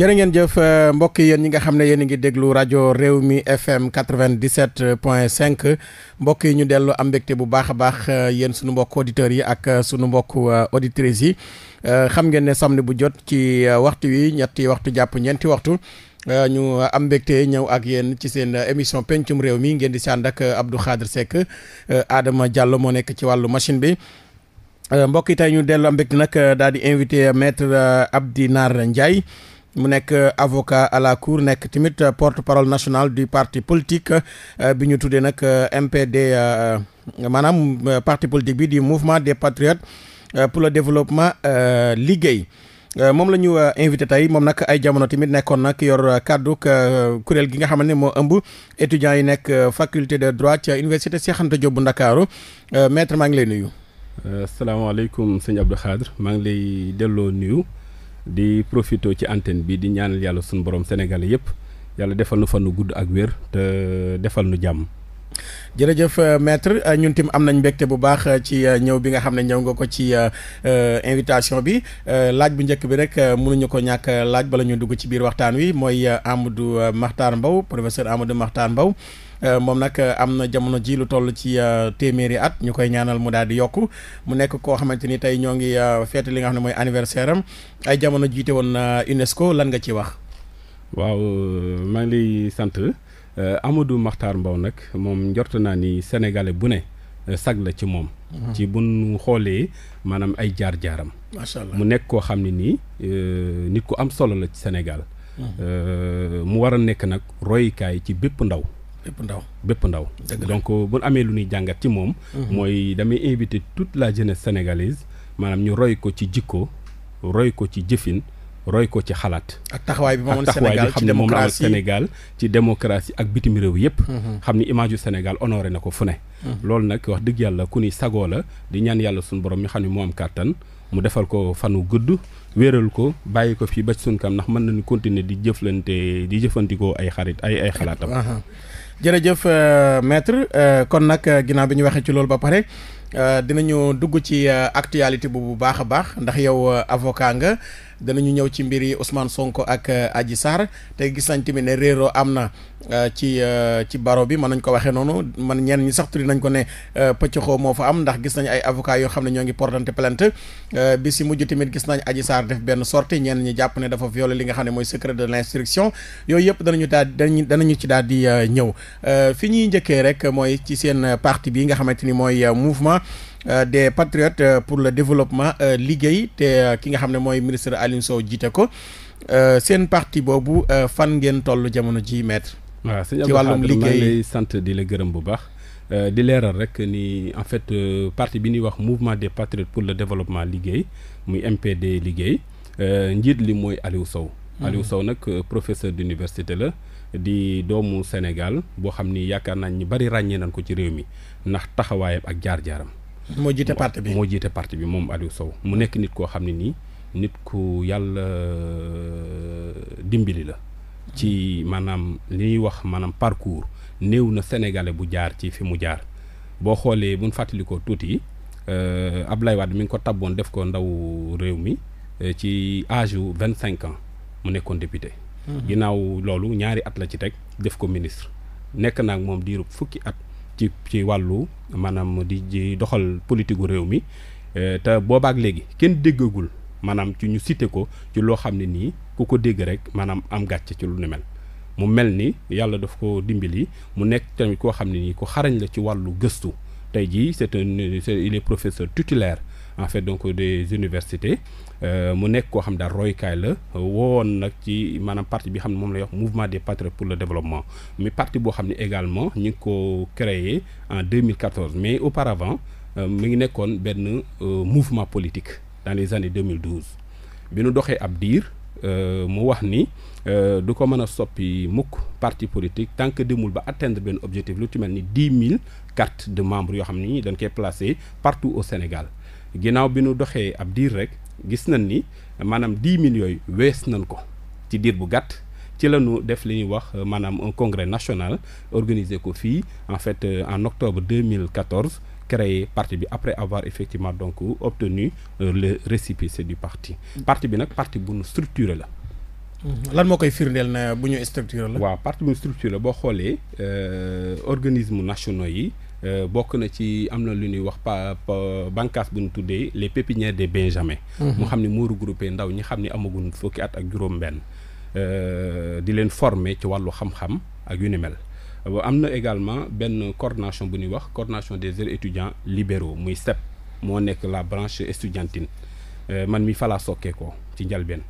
jërë ngeen jëf euh, mbokk yéen ñi nga xam ne yéen a ngi déglu rajo réew mi FM 97 point 5 mbokk yi ñu dellu am mbégte bu baax a baax euh, yéen sunu mbokk auditeurs yi ak euh, sunu mbokk auditrices yi xam ngeen ne samedi bu jot ci waxtu wi ñetti waxtu jàpp ñeenti waxtu ñu am mbégte ñëw ak yéen ci seen émission pencum réew mi ngeen di sànd ak Abdou Khadre Seck Adama Diallo moo nekk ci wàllu machine bi. mbokk yi tey ñu dellu am mbégte nag daal di invité maître Abdy naar Ndiaye. mu nekk euh, avocat à la cour nekk tamit euh, porte-parole nationale du parti politique euh, bi ñu tuddee nag MPD maanaam parti politique bi di mouvement des patriotes pour le développement liggéey moom la ñu invité tey moom nag ay jamono tamit nekkoon nag yor kàddu kuréel gi nga xam ne moo ëmb étudiants yi nekk faculté de droit ca université Cheikh Anta bu Ndakaaru maître maa ngi lay nuyu. asalaamaaleykum sëñ Abdou maa ngi lay delloo nuyu. di profito ci antenne bi di ñaanal yàlla suñu borom sénégalais yëpp yàlla defal nu fan nu gudd ak wér te defal nu jàmm. jërëjëf euh, maître euh, ñun tim am nañ mbégte bu baax euh, ci ñëw bi nga xam ne ñëw nga ko ci invitation bi laaj bu njëkk bi rek mënuñu ko ñàkk laaj bala ñu dugg ci biir waxtaan wi mooy Amadou Mahtar mbaw professeur Amadou Mahtar mbaw Euh, moom nag euh, am na jamono ji lu toll ci euh, téeméeri at ñu koy ñaanal mu daal di yokk mu nekk koo xamante ni tey ñoo ngi feete li nga xam ne mooy anniversaire am ay jamono jiite woon na UNESCO lan nga ci wax. waaw maa ngi lay sant Amadou maxtar Mbow nag moom njort naa ni sénégalais bu ne sag la ci moom. Mhm. ci bu nu xoolee maanaam ay jaar jaaram. macha allah mu nekk koo xam ne nii nit ku am solo la ci Sénégal. Mhm. mu war a nekk nag royukaay ci bépp ndaw. bépp ndaw bépp ndaw. donc bu amee lu ñuy jàngat ci moom. Mhm. mooy damay invité tout la jeunesse sénégalaise maanaam ñu roy ko ci jikko roy ko ci jëfin roy ko ci xalaat. ak taxawaay bi moom Sénégal ci démocratie ak xam ne moom Sénégal ci démocratie ak bitim réew yëpp. Mhm. xam ni image yu Sénégal honoré na ko fu ne. Mhm. loolu nag wax dëgg yàlla ku nuy sagoo la di ñaan yàlla suñu borom mi xam ne moo am kàttan mu defal ko fanu gudd. wéeral ko bàyyi ko fii ba ci ndax mën nañu continuer di jëflante di jëfandikoo ay xarit ay ay xalaatam. Uh-huh. jërëjëf euh, maître euh, kon nag euh, ginnaaw bi ñuy waxee ci loolu ba pare dina dinañu dugg ci actualité bu bu baax a baax ndax yow avocat nga. danañu ñëw ci mbir yi Ousmane Sonko ak eh, Adji Sarr te gis nañ tamit ne réeroo am na eh, ci eh, ci baro bi mën nañ ko waxee noonu man ñenn ñi sax tuddi nañ ko ne pëccëxoo moo fa am ndax gis nañ ay avocat yoo xam ne ñoo ngi portante plainte bi si mujj tamit gis nañ Adji Sarr def benn sortie ñenn ñi jàpp ne dafa violer li nga xam ne mooy secret de l'instruction yooyu yëpp danañu daal danañu danañu ci daal di ñëw fi ñuy njëkkee rek mooy ci seen parti bi nga xamante ni mooy mouvement Euh, des patriotes euh, pour le développement euh, liggéey te ki nga xam ne mooy ministre Alioune Sow jiite ko seen parti boobu fan ngeen toll jamono ji maître waaw ci wàllum liggéey lay sant di la gërëm bu baax di leeral rek ni en fait parti bi ñuy wax mouvement des patriotes pour le développement liggéey mu MPD liggéey njiit li mooy Aliou Sow hmm. Aliou Sow nag professeur d'université la di doomu Sénégal boo xam ni yaakaar nañ ñu bari ràññee nañ ko ci réew mi ndax taxawaayam ak jaar-jaaram moo jiite parti bi moo jiite parti bi moom Aliou Sow mu nekk nit koo xam ne nii nit ku yàlla euh, dimbali la. ci maanaam li ñuy wax maanaam parcours néew na sénégalais bu jaar ci fi mu jaar boo xoolee bu ñu fàttalikoo tuuti euh, Ablaye Wade mi ngi ko tabboon def ko ndaw réew mi euh, ci âge yu vingt cinq ans mu nekkoon député. Mm-hmm. ginnaaw loolu ñaari at la ci teg def ko ministre. nekk naag moom diirub fukki at. ci wàllu maanaam di di doxal politique gu réew mi euh, te boobaak léegi kenn déggagul maanaam ci ñu site ko ci loo xam ne nii ku ko dégg rek maanaam am gàcce ci lu ni mel. mu mel ni yàlla daf ko dimbali mu nekk tamit koo xam ne nii ku xarañ la ci wàllu gëstu tey jii c'est un il est professeur titulaire. en fait donc des universités euh, mu nekk koo xam daal roykaay la woon nag ci maanaam parti bi xam ne moom lay wax mouvement des patriotes pour le développement mais parti boo xam ne également ñu ko créé en 2014 mais auparavant euh, mi ngi nekkoon benn euh, mouvement politique dans les années 2012 bi nu doxee ab diir mu wax ni du ko mën a soppi mukk parti politique tant que demul ba atteindre benn objectif lu ci mel ni 10 000 cartes de membres yoo xam ni dañ koy placé partout au Sénégal ginnaaw bi nu doxee ab diir rek gis nañ ni maanaam dix mille yooyu wees nañ ko ci diir bu gàtt ci la ñu def li ñuy wax euh, maanaam un congrès national organisé ko fii en fait euh, en octobre 2014 créé parti bi après avoir effectivement donc obtenu euh, le récépissé du parti. Mm. parti bi nag parti bu nu structuré la. Mm-hmm. lan moo koy firndeel na bu ñu structuré la. waaw parti bu ñu structuré la boo xoolee organisme nationaux yi. Euh, bokk na ci am na lu ñuy wax pa bànqaas bu ñu tuddee les pépinières des benjamins mhm. mu xam ne moo regroupé ndaw ñi xam ni amaguñ fukki at ak juróom-benn euh, di leen former ci wàllu xam-xam ak yu ni mel euh, am na également benn coordination bu ñuy wax coordination des jeunes étudiants libéro muy CEP moo nekk la branche estudiantine man mi falaa sokkee ko ci njalbeen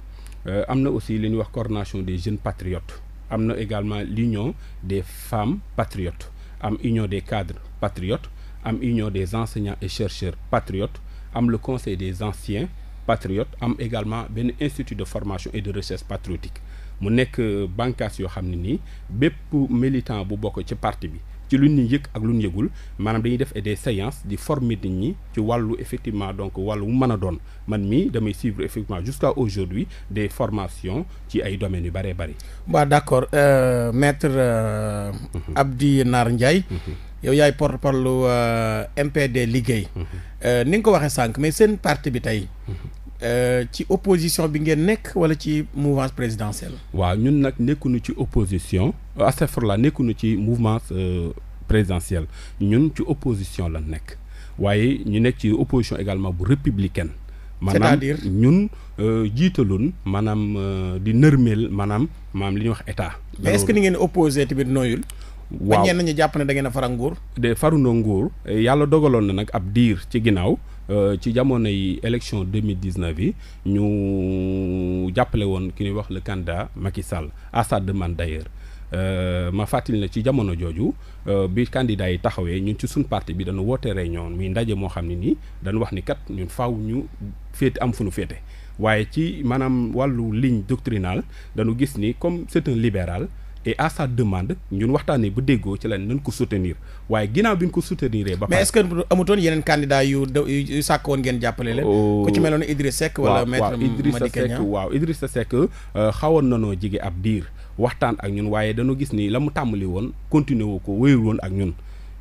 am na aussi li ñuy wax coordination des jeunes patriotes am na également l'union des femmes patriotes am union des cadres patriotes am union des enseignants et chercheurs patriotes am le conseil des anciens patriotes am également benn institut de formation et de recherche patriotique mu nekk bànqaas yoo xam ne nii bépp militant bu bokk ci parti bi ci lu ñu yëg ak lu ñu yëgul maanaam dañuy def des séances di former ñi ci wàllu effectivement donc wàllu mu mën a doon man mii damay suivre effectivement jusqu'à aujourd'hui des formations ci ay domaines yu bëree bëri. waaw d'accord euh, maître euh, mmh. Abdy Nar Ndiaye. Mhm. yow yaay porte-parole euh, MPD liggéey. Mhm. Euh, ni nga ko waxee sànq mais seen partie bi tey. Mhm. Euh, ci opposition bi ngeen nekk wala ci mouvance présidentielle. waaw ñun nag nekkuñu ci opposition euh, la nekkunu ci mouvance euh, présidentielle ñun ci opposition la nekk waaye ñu nekk ci opposition également bu républicaine. c'est-à-dire maanaam ñun jiitaloon maanaam di nërmeel maanaam maam li ñuy wax état. mais est ni ngeen opposé tamit nooyul. waaw ba ñenn ñi jàpp ne da ngeen a faral nguur. de farandoo nguur yàlla dogaloon na nag ab diir ci ginnaaw. Euh, ci jamonoy élection 2019 bi ñu jàppale woon ki ñuy wax le candidat Macky Sall à sa demande d'ailleurs euh, ma fàttali na ci jamono jooju euh, bi candidat yi taxawee ñun ci suñ parti bi dañu woote réunion muy ndaje moo xam ne nii dañu wax ni kat ñun faw ñu féete am fu nu féete waaye ci maanaam wàllu ligne doctrinale dañu gis ni comme c'est un libéral et à sa demande ñun waxtaanee bu déggoo ci lañ nañ ko soutenir waaye ginnaaw bi ñu ko soutenir. ba pare mais est-ce que amutoon yeneen candidat yu yu sàkk woon ngeen jàppale leen. Oh. ku ci meloon Idrissa Seck. wala maître Madické Niang waaw Seck euh, xawoon na noo jige ab diir waxtaan ak ñun waaye dañoo gis ni la mu tàmbali woon continuer woo ko wéyul woon ak ñun.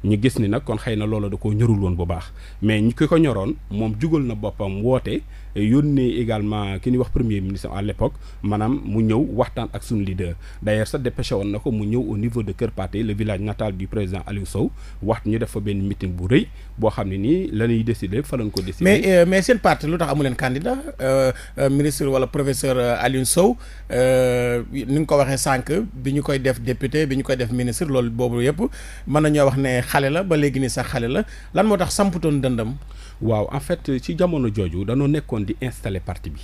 ñu gis ni nag kon xëy na loola da ko ñërul woon bu baax mais ñi ki ko ñoroon moom jugal na boppam woote. yónnee également ki ñuy wax premier ministre à l'époque maanaam mu ñëw waxtaan ak suñu leader d'ailleurs sax dépêché woon na ko mu ñëw au niveau de Kër Pathé le village natal du président Aliou Sow wax ñu def fa benn meeting bu rëy boo xam ne nii la ñuy décider fa lañ ko décider. mais euh, mais seen parti lu tax amu leen candidat euh, euh, ministre wala professeur Aliou Sow ni nga ko waxee sànq bi ñu koy def député bi ñu koy def ministre loolu boobu yëpp mën nañoo wax ne xale la ba léegi nii sax xale la lan moo tax samputoon dëndam. waaw en fait ci jamono jooju danoo nekkoon di installer parti bi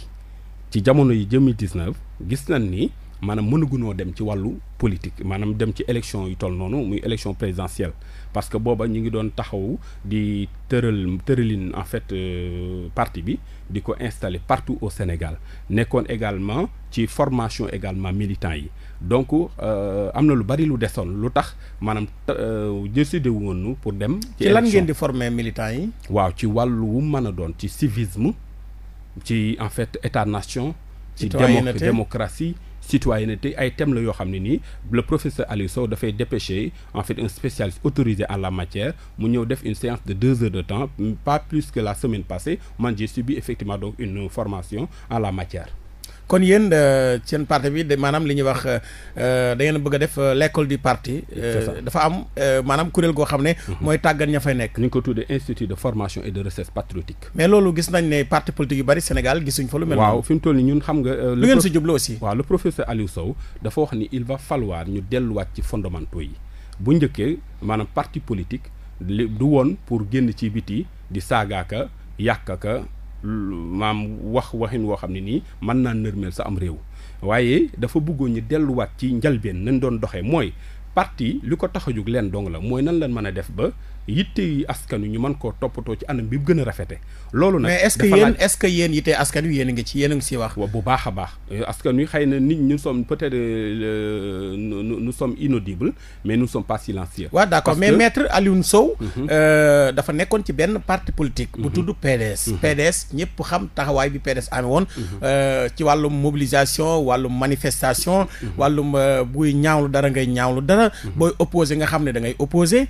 ci jamono yi 2019 gis na ni. maanaam mënagunoo dem ci wàllu politique maanaam dem ci élection yi toll noonu muy élection présidentielle parce que booba ñu ngi doon taxaw di tëral tëralin en fait euh, parti bi di ko installer partout au Sénégal nekkoon également ci formation également militant yi donc euh, am na lu bari lu desoon lu tax maanaam euh, décidé woon pour dem. ci lan ngeen di former militant yi. waaw ci wàllu wu mën a doon ci civisme ci en fait état nation. ci démocratie. citoyenneté ay thèmes la yoo xam ne nii le professeur Aliou Sow dafay dépêcher en fait un spécialiste autorisé en la matière mu ñëw def une séance de deux heures de temps pas plus que la semaine passée man j'ai subi effectivement donc une formation en la matière kon yéen euh, seen parti bi maanaam li ñuy wax euh, euh, da ngeen bëgg a def l'école du parti. dafa am maanaam kuréel goo xam ne. Mhm. mooy tàggat ña fay nekk. ñu ngi ko tuddee institut de formation et de recherche patriotique. mais loolu gis nañ ne parti politique yu bari Sénégal gisuñ fa lu mel. waaw fi toll nii ñun xam nga. lu ngeen si jublu aussi. waaw le professeur Aliou Sow dafa wax ni il va ñu delluwaat ci fondamentaux yi bu njëkkee maanaam parti politique du woon pour génn ci biti di saagaaka yàq maam wax waxin woo xam ne nii mën naa nërmeel sa am réew waaye dafa bëggoon ñu delluwaat ci njalbeen nañ doon doxee mooy parti li ko tax a jóg leen dong la mooy nan lañ mën a def ba yitte yi askan wi ñu mën koo toppatoo ci anam bi mu gën a rafete loolu nag mais est-ce que yéen est-ce que yéen yitte askan wi yéen a ngi ci yéen a ngi si wax bu baax a baax askan wi xëy na nit ñu sommes peut-être euh, nous sommes inaudibles mais nu sommes pas silencieux waaw d'accord mais maître Alioune Sow mhm. euh, dafa nekkoon ci benn parti politique bu mhm. tudd PDS mhm. PDS ñëpp xam taxawaay bi PDS amee woon euh, ci wàllum mobilisation wàllum manifestation wàllum buy ñaawlu dara ngay ñaawlu dara booy opposé nga xam ne da ngay opposé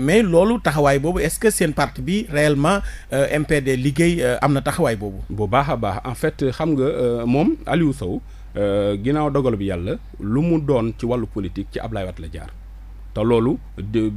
mais loolu taxawaay boobu est-ce que seen parti bi réellement euh, MPD liggéey euh, am na taxawaay boobu. bu baax a baax en fait xam nga euh, moom Aliou Sow ginnaaw dogal bi yàlla lu mu doon ci wàllu politique ci Ablaye Wade la jaar te loolu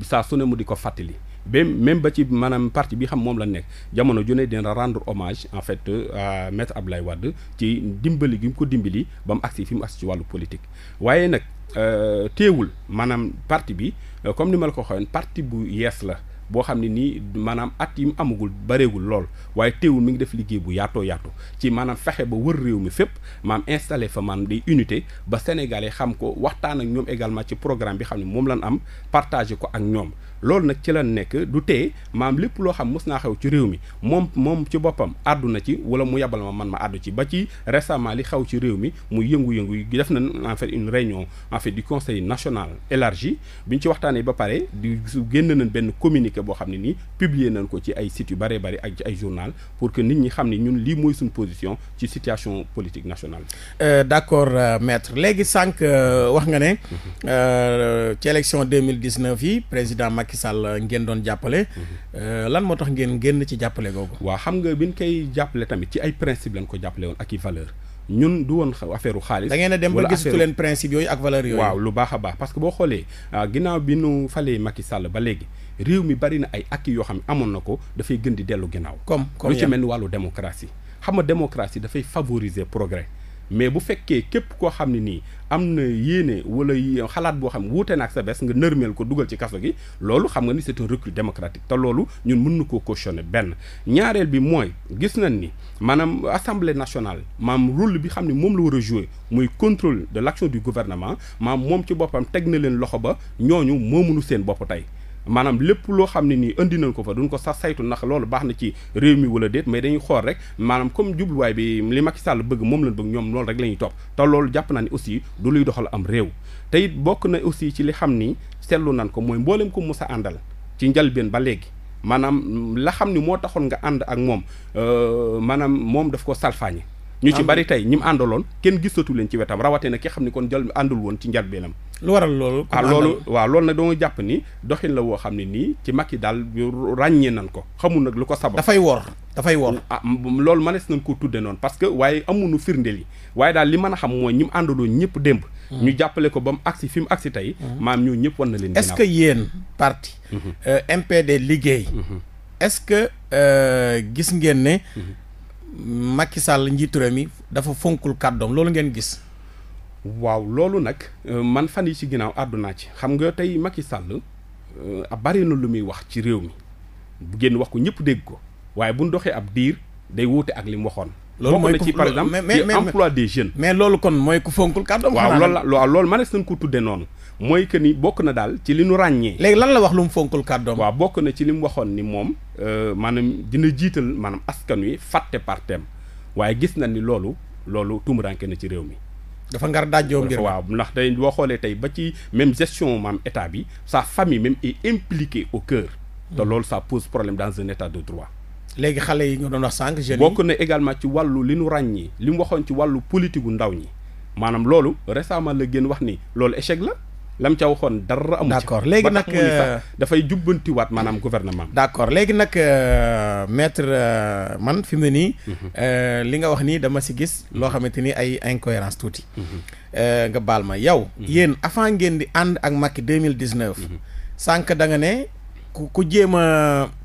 saa su ne mu di ko fàttali. ba même ba ci maanaam parti bi xam moom la nekk jamono ju ne dina rendre hommage en fait à maître Abdoulaye Wade ci dimbali gi mu ko dimbali ba mu agsi fi mu agsi ci wàllu politique. waaye nag euh, teewul maanaam parti bi comme ni ma ko waxee woon bu yees la. boo xam ne nii maanaam at yi amagul bareegul lool waaye teewul mi ngi def liggéey bu yaatoo yaatu ci maanaam fexe ba wër réew mi fépp maam installé fa maam des unités ba sénégalais xam ko waxtaan ak ñoom également ci programme bi xam ne moom lañ am partagé ko ak ñoom loolu nag ci la nekk du tee maam lépp loo xam mos naa xew ci réew mi moom moom ci boppam àdduna ci wala mu yebal ma man ma àddu ci ba ci récemment li xew ci réew mi muy yëngu-yëngu yi def na en fait une réunion en fait du conseil national élargi bi ñu ci waxtaanee ba pare di génn nañ benn communiqué boo xam ne nii publier nañ ko ci ay sites yu bëree ak ay journal pour que nit ñi xam ni ñun lii mooy suñu position ci situation politique nationale bi. Euh, d'accord euh, maître léegi sànq euh, wax nga ne. Mhm. ci élection 2019 yi président Macky Macky Sall ngeen doon jàppale. Euh, lan moo tax ngeen génn ci jàppale googu. waaw xam nga bi ñu koy jàppale tamit ci ay principe lañ ko jàppale woon ak i valeur ñun du woon affaire u xaalis. da ngeen a dem ba gisatu leen principe yooyu ak valeur yooyu. waaw lu baax a baax parce que boo xoolee ah, ginnaaw bi nu falee Macky Sall ba léegi réew mi bari na ay ak yoo xam ne amoon na ko dafay gën di dellu ginnaaw. comme comme lu wàllu démocratie xam nga démocratie dafay favoriser progrès. mais bu fekkee képp koo xam ne nii am na yéene wala xalaat boo xam wuute na ak sa bés nga nërmeel ko dugal ci kaso gi loolu xam nga ni c'est un recul démocratique te loolu ñun mën na koo cautionner benn ñaareel bi mooy gis nañ ni maanaam assemblée nationale maam rôle bi xam ne moom la war a jouer muy contrôle de l'action du gouvernement maam moom ci boppam teg na leen loxo ba ñooñu moo moomuñu seen bopp tey maanaam lépp loo xam ne nii indi nañ ko fa duñ ko sax saytu ndax loolu baax na ci réew mi wala déet mais dañuy xool rek maanaam comme jubluwaay bi li Macky Sall bëgg moom lañ bëgg ñoom loolu rek la ñuy topp te loolu jàpp naa ne aussi luy doxal am réew te bokk na aussi ci li xam ni seetlu nan ko mooy mboolem ko musa àndal ci njëlbeen ba léegi maanaam la xam ni moo taxoon nga ànd ak moom euh, maanaam moom daf ko salfaañe ñu ci bari tey ñi mu àndaloon kenn gisatu leen ci wetam rawatee na ki xam ni kon jël àndul woon ci njëlbeenam lu waral loolu. ah loolu waaw loolu nag dama jàpp ni doxin la woo xam ne nii ci mag yi daal ràññee nañ ko xamul nag lu ko sabab. dafay wor dafay wor. ah loolu mënees nañ ko tuddee noonu parce que waaye amuñu firndeel yi waaye daal li mën a xam mooy ñi mu àndaloo ñëpp démb. Hmm. ñu jàppale ko ba mu agsi fi mu agsi tey. Hmm. maam ñoo ñëpp war na leen. est-ce que yeen parti. MPD hmm. euh, liggéey. est-ce que euh, gis ngeen ne. Macky Sall njiitu mi dafa fonkul kàddoom loolu ngeen gis. waaw loolu nag euh, man fan yi ci ginnaaw àddunaa ci xam nga tey mag Macky Sall euh, bari na lu muy wax ci réew mi bu génn wax ko ñëpp dégg ko waaye bu ñu doxee ab diir day wute ak li mu waxoon. loolu mooy ci par exemple ci emploi des jeunes. mais loolu kon mooy ku fonkul kàddoom. waaw loolu la waaw loolu mënees nañ noonu. mooy que ni bokk na daal ci li nu ràññee. léegi lan la wax lu mu fonkul kàddoom. waaw bokk na ci li mu waxoon ni moom. Euh, maanaam dina jiital maanaam askan wi fàtte parteem waaye gis na ni loolu loolu tumuranke na ci réew mi. dafa ngar daajoo mbir waaw ndax day boo xoolee tey ba ci même gestion maam état bi sa famille même est impliquée au cœur te hmm. loolu ça pose problème dans un état de droit léegi xale yi nga doon wax sànq jeunes bokk na également ci wàllu li nu ràññi li mu waxoon ci wàllu politique gu ndaw ñi maanaam loolu récemment la génn wax ni loolu échec la lam ca waxoon dara amu ci d'accord léegi nag euh, dafay jubbantiwaat maanaam gouvernement d'accord léegi nag euh, maître euh, man fi mu ne nii mhm. li nga wax nii dama si gis mhm. loo xamante ni ay incohérence tuuti mhm. nga baal ma yow yéen avant ngeen di ànd ak Macky deux mille dix-neuf sànq da nga ne ku ku jéem a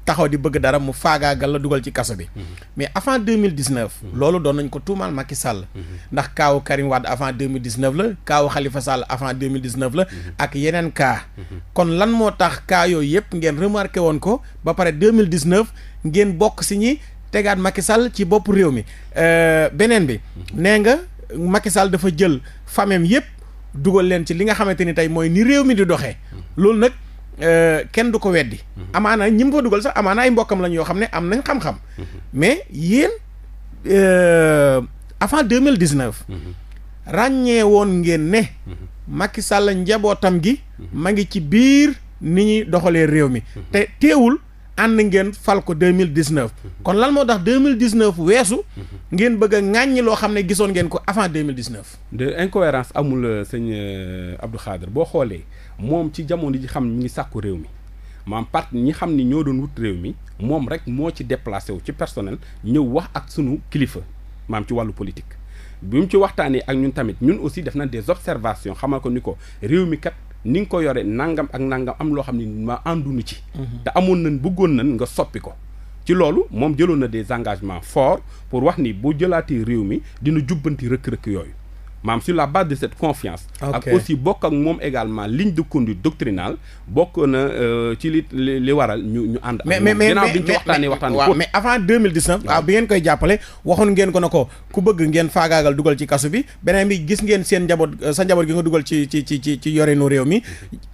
taxaw di bëgg dara mu faagaagal la dugal ci kaso bi. Mhm. mais avant deux mille dix neuf. Mhm. loolu doon nañ ko tuumaal Macky Sall. Mhm. ndax kaawu Karim Wade avant deux mille dix neuf la kaawu Khalifa Sall avant deux mille dix neuf la. ak yeneen kaa. kon lan moo tax kaa yooyu yëpp ngeen remarqué woon ko ba pare deux mille dix neuf ngeen bokk si ñi tegaat Macky Sall ci bopp réew mi euh, beneen bi. nee nga Macky Sall dafa jël famem yëpp dugal leen ci li nga xamante ni tey mooy ni réew mi di doxee. loolu nag. Euh, kenn du ko weddi. Mhm. amaana ñi mu fa dugal sax amaana ay mbokkam lañ yoo xam ne am nañ xam-xam. Mhm. mais yéen euh, avant deux mille dix neuf. Mhm. ràññee woon ngeen ne. Macky Sall njabootam gi. ma ngi ci biir ni ñuy doxalee réew mi. te teewul ànd ngeen fal ko deux mille dix neuf. kon lan moo tax deux mille dix neuf weesu. ngeen bëgg a ŋàññi loo xam ne gisoon ngeen ko avant deux mille dix neuf. de incohérence amul euh, sëñ Abdou Khadre boo xoolee. moom ci jamono ji xam ñi ngi sàkku réew mi maam part ñi xam ni ñoo doon wut réew mi moom rek moo ci déplacé wu ci personnel ñëw wax ak sunu kilifa maam ci wàllu politique bi mu ci waxtaanee ak ñun tamit ñun aussi def na des observations xamal ko ni ko réew mi kat ni nga ko yore nangam ak nangam am loo xam ni ma àndunu ci mhm. te amoon nañ bëggoon nañ nga soppi ko ci loolu moom jëloon na des engagements forts pour wax ni bu jëlaatee réew mi dina jubbanti rëkk-rëkk yooyu maam sur la base de cette confiance ak aussi bokk ak moom également ligne de conduite doctrinale bokk na euh, ci li li waral ñu ñu ànd mais mais mais ginnaaw bi ñu ci waxtaanee waxtaanee waaw mais avant 2019 waaw ah, bi ngeen koy jàppale waxoon ngeen ko na ko ku bëgg ngeen faagaagal dugal ci kasu bi beneen bi gis ngeen seen njaboot euh, sa njaboot gi nga dugal ci ci ci ci ci yorinu réew mi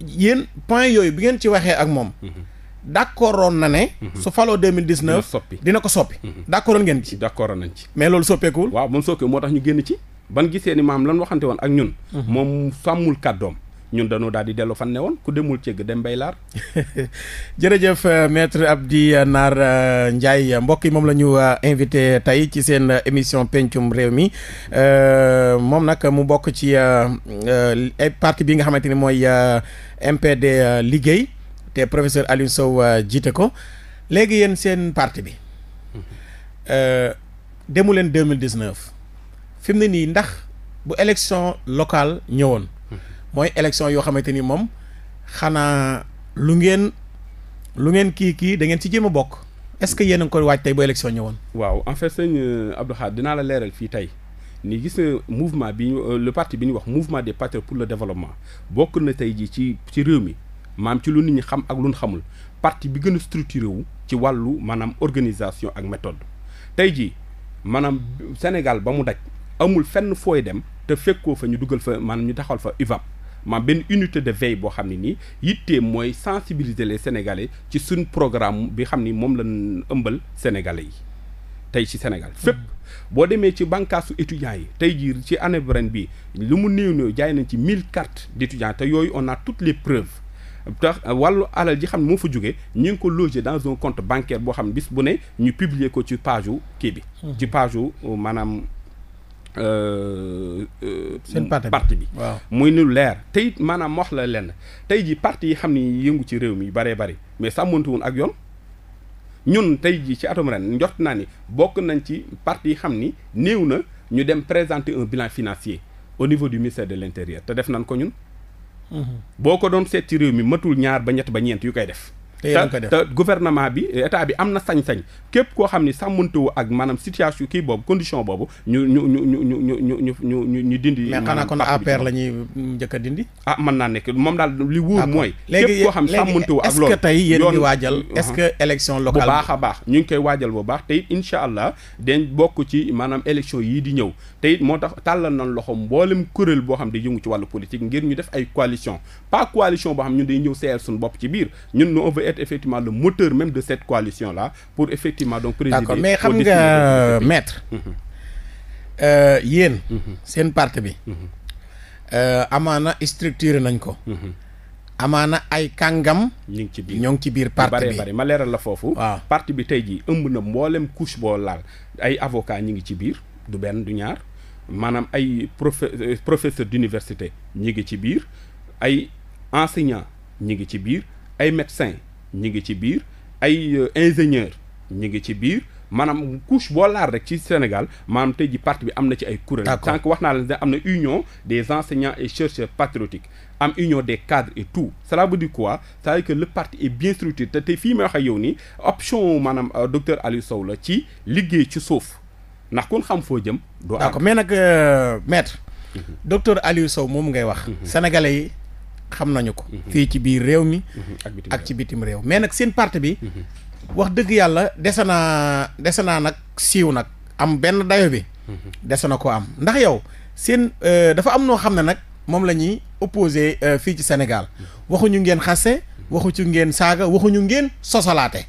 yéen point yooyu bi ngeen ci waxee ak moom mhm. d'accord woon na ne. Mhm. su faloo 2019. dina soppi dina ko soppi. Mhm. d'accord ngeen ci. d'accord nañ ci. mais loolu soppeekuwul. waaw moom soppeeku moo tax ñu génn ci. ban gisee ni maam lan waxante woon ak ñun mhm. moom sàmmul kàddoom ñun dañoo daal di dellu fan ne woon ku demul cégg dem bay laar jërëjëf maître Abdy Nar euh, Ndiaye mbokk yi moom la ñu euh, invité tey ci seen émission pencum réew mi euh, moom nag mu bokk ci ay parti bi nga xamante ni mooy MPD liggéey te professeur Alioune Sow jiite ko léegi yéen seen parti bi mhm. demu leen deux mille dix-neuf fi mu ne nii ndax bu élection locale ñëwoon mooy élection yoo xamante ni moom xanaa lu ngeen lu ngeen kii kii da ngeen ci jéem a bokk est-ce que yéen a ngi koy waaj tey bu élection ñëwoon. waaw en fait sëñ euh, Abdou Khadre dinaa la leeral fii tey ni gis mouvement bi ñu euh, le parti bi ñuy wax mouvement de patriotes pour le développement bokk na tey jii ci ci réew mi maam ci lu nit ñi xam ak lu xamul parti bi gën a structuré wu ci wàllu maanaam organisation ak méthode tey jii maanaam Sénégal ba mu daj. amul fenn fooy dem te fekkoo fa ñu dugal fa maanaam ñu taxal fa UVAP ma benn unité de veille boo xam ne nii yittee mooy sensibiliser les sénégalais ci suñ programme bi xam ni moom lañ ëmbal sénégalais yi tey ci Sénégal fépp boo demee ci bànkaasu étudiants yi tey jii ci année ren bi li mu néew néew jaay nañ ci mille cartes d' étudiants te yooyu on a toutes les preuves tax wàllu alal ji xam ne moo fa jógee ñu ngi ko logé dans un compte bancaire boo xam ne bis bu ñu publier ko ci page kii bi ci page Euh, euh, seen parti bi waaw muy nu leer te it maanaam wax la lenn tey ji parti yi xam ni yëngu ci réew mi baree bari mais sàmmantu woon ak yoon ñun tey ji ci atum njot naa ni bokk nañ ci parti yi xam ni néew na ñu dem présenter un bilan financier au niveau du ministère de l'intérieur te def nañ ko ñun mhm. boo ko doon seet ci réew mi matul ñaar ba ñett ba ñeent yu koy def te yéen ko def te gouvernement bi état bi am na sañ-sañ képp koo xam ni sàmmantewu ak maanaam situation kii boobu condition boobu ñu ñu ñu ñu ñu ñu ñu ñu ñu ñu dindi. mais xanaa kon APR la ñuy njëkk a dindi. ah mën naa nekk moom daal li wóor mooy. képp koo xam sàmmantewu ak loolu est-ce que tey yéen ngi waajal est-ce que élection locale bu baax a baax ñu ngi koy waajal bu baax te it incha allah dañ bokk ci maanaam élection yii di ñëw te it moo tax tàllal nañ loxo mboolem kuréel boo xam di yëngu ci wàllu politique ngir ñu def ay coalition pas coalition boo xam ñun day ñëw seeyal suñu bopp ci biir ñun effectivement le moteur même de cette coalition là pour effectivement donc présider. d'accord mais xam nga maître. Mhm. Euh, yéen. Mhm. seen parti bi. Mhm. Euh, amaana structuré nañ ko. amaana ay kàngam. ñu ngi ci biir ñoo ngi ci biir parti bi ma leeral la foofu. waaw parti bi tey jii ëmb na mboolem couche boo laal ay avocat ñu ngi ci biir du benn du ñaar maanaam ay profe euh, professeur d'université ñu ngi ci biir ay enseignant ñu ngi ci biir ay médecin ñu ngi ci biir ay euh, ingénieur ñu ngi ci biir maanaam couche boo laar rek ci Sénégal maanaam tey ji parti bi am na ci ay kuréel sànq wax naa leen ne am na union des enseignants et chercheurs patriotiques am union des cadres et tout cela veut dire quoi ça veut dire que le parti est bien structuré te fii may wax a yow ni option maanaam euh, docteur Aliou Sow la ci liggéey ci suuf ndax kun xam foo jëm doo d'accord mais nag euh, maître mhm. docteur Aliou Sow moom ngay wax mhm. sénégalais yi xam nañu ko. Mhm. fii ci biir réew mi. Mhm. ak ci bitim réew mais nag seen parti bi. Mhm. wax dëgg yàlla dese naa dese naa nag siiw nag am benn dayo bi. dese na ko am ndax yow seen euh, dafa am noo xam ne nag moom la ñuy opposé euh, fii ci Sénégal waxuñu ngeen xaste waxu ci ngeen saaga waxuñu ngeen sosalaate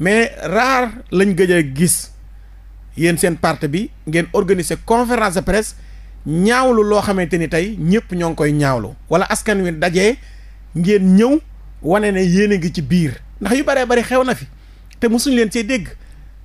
mais rare lañ gëj gis yéen seen parti bi ngeen organiser conférence de presse. ñaawlu loo xamante ni tey ñëpp ñoo ngi koy ñaawlu wala askan wi daje ngeen ñëw wane ne yéen a ngi ci biir ndax yu baree bari xew na fi te mosuñ leen cee dégg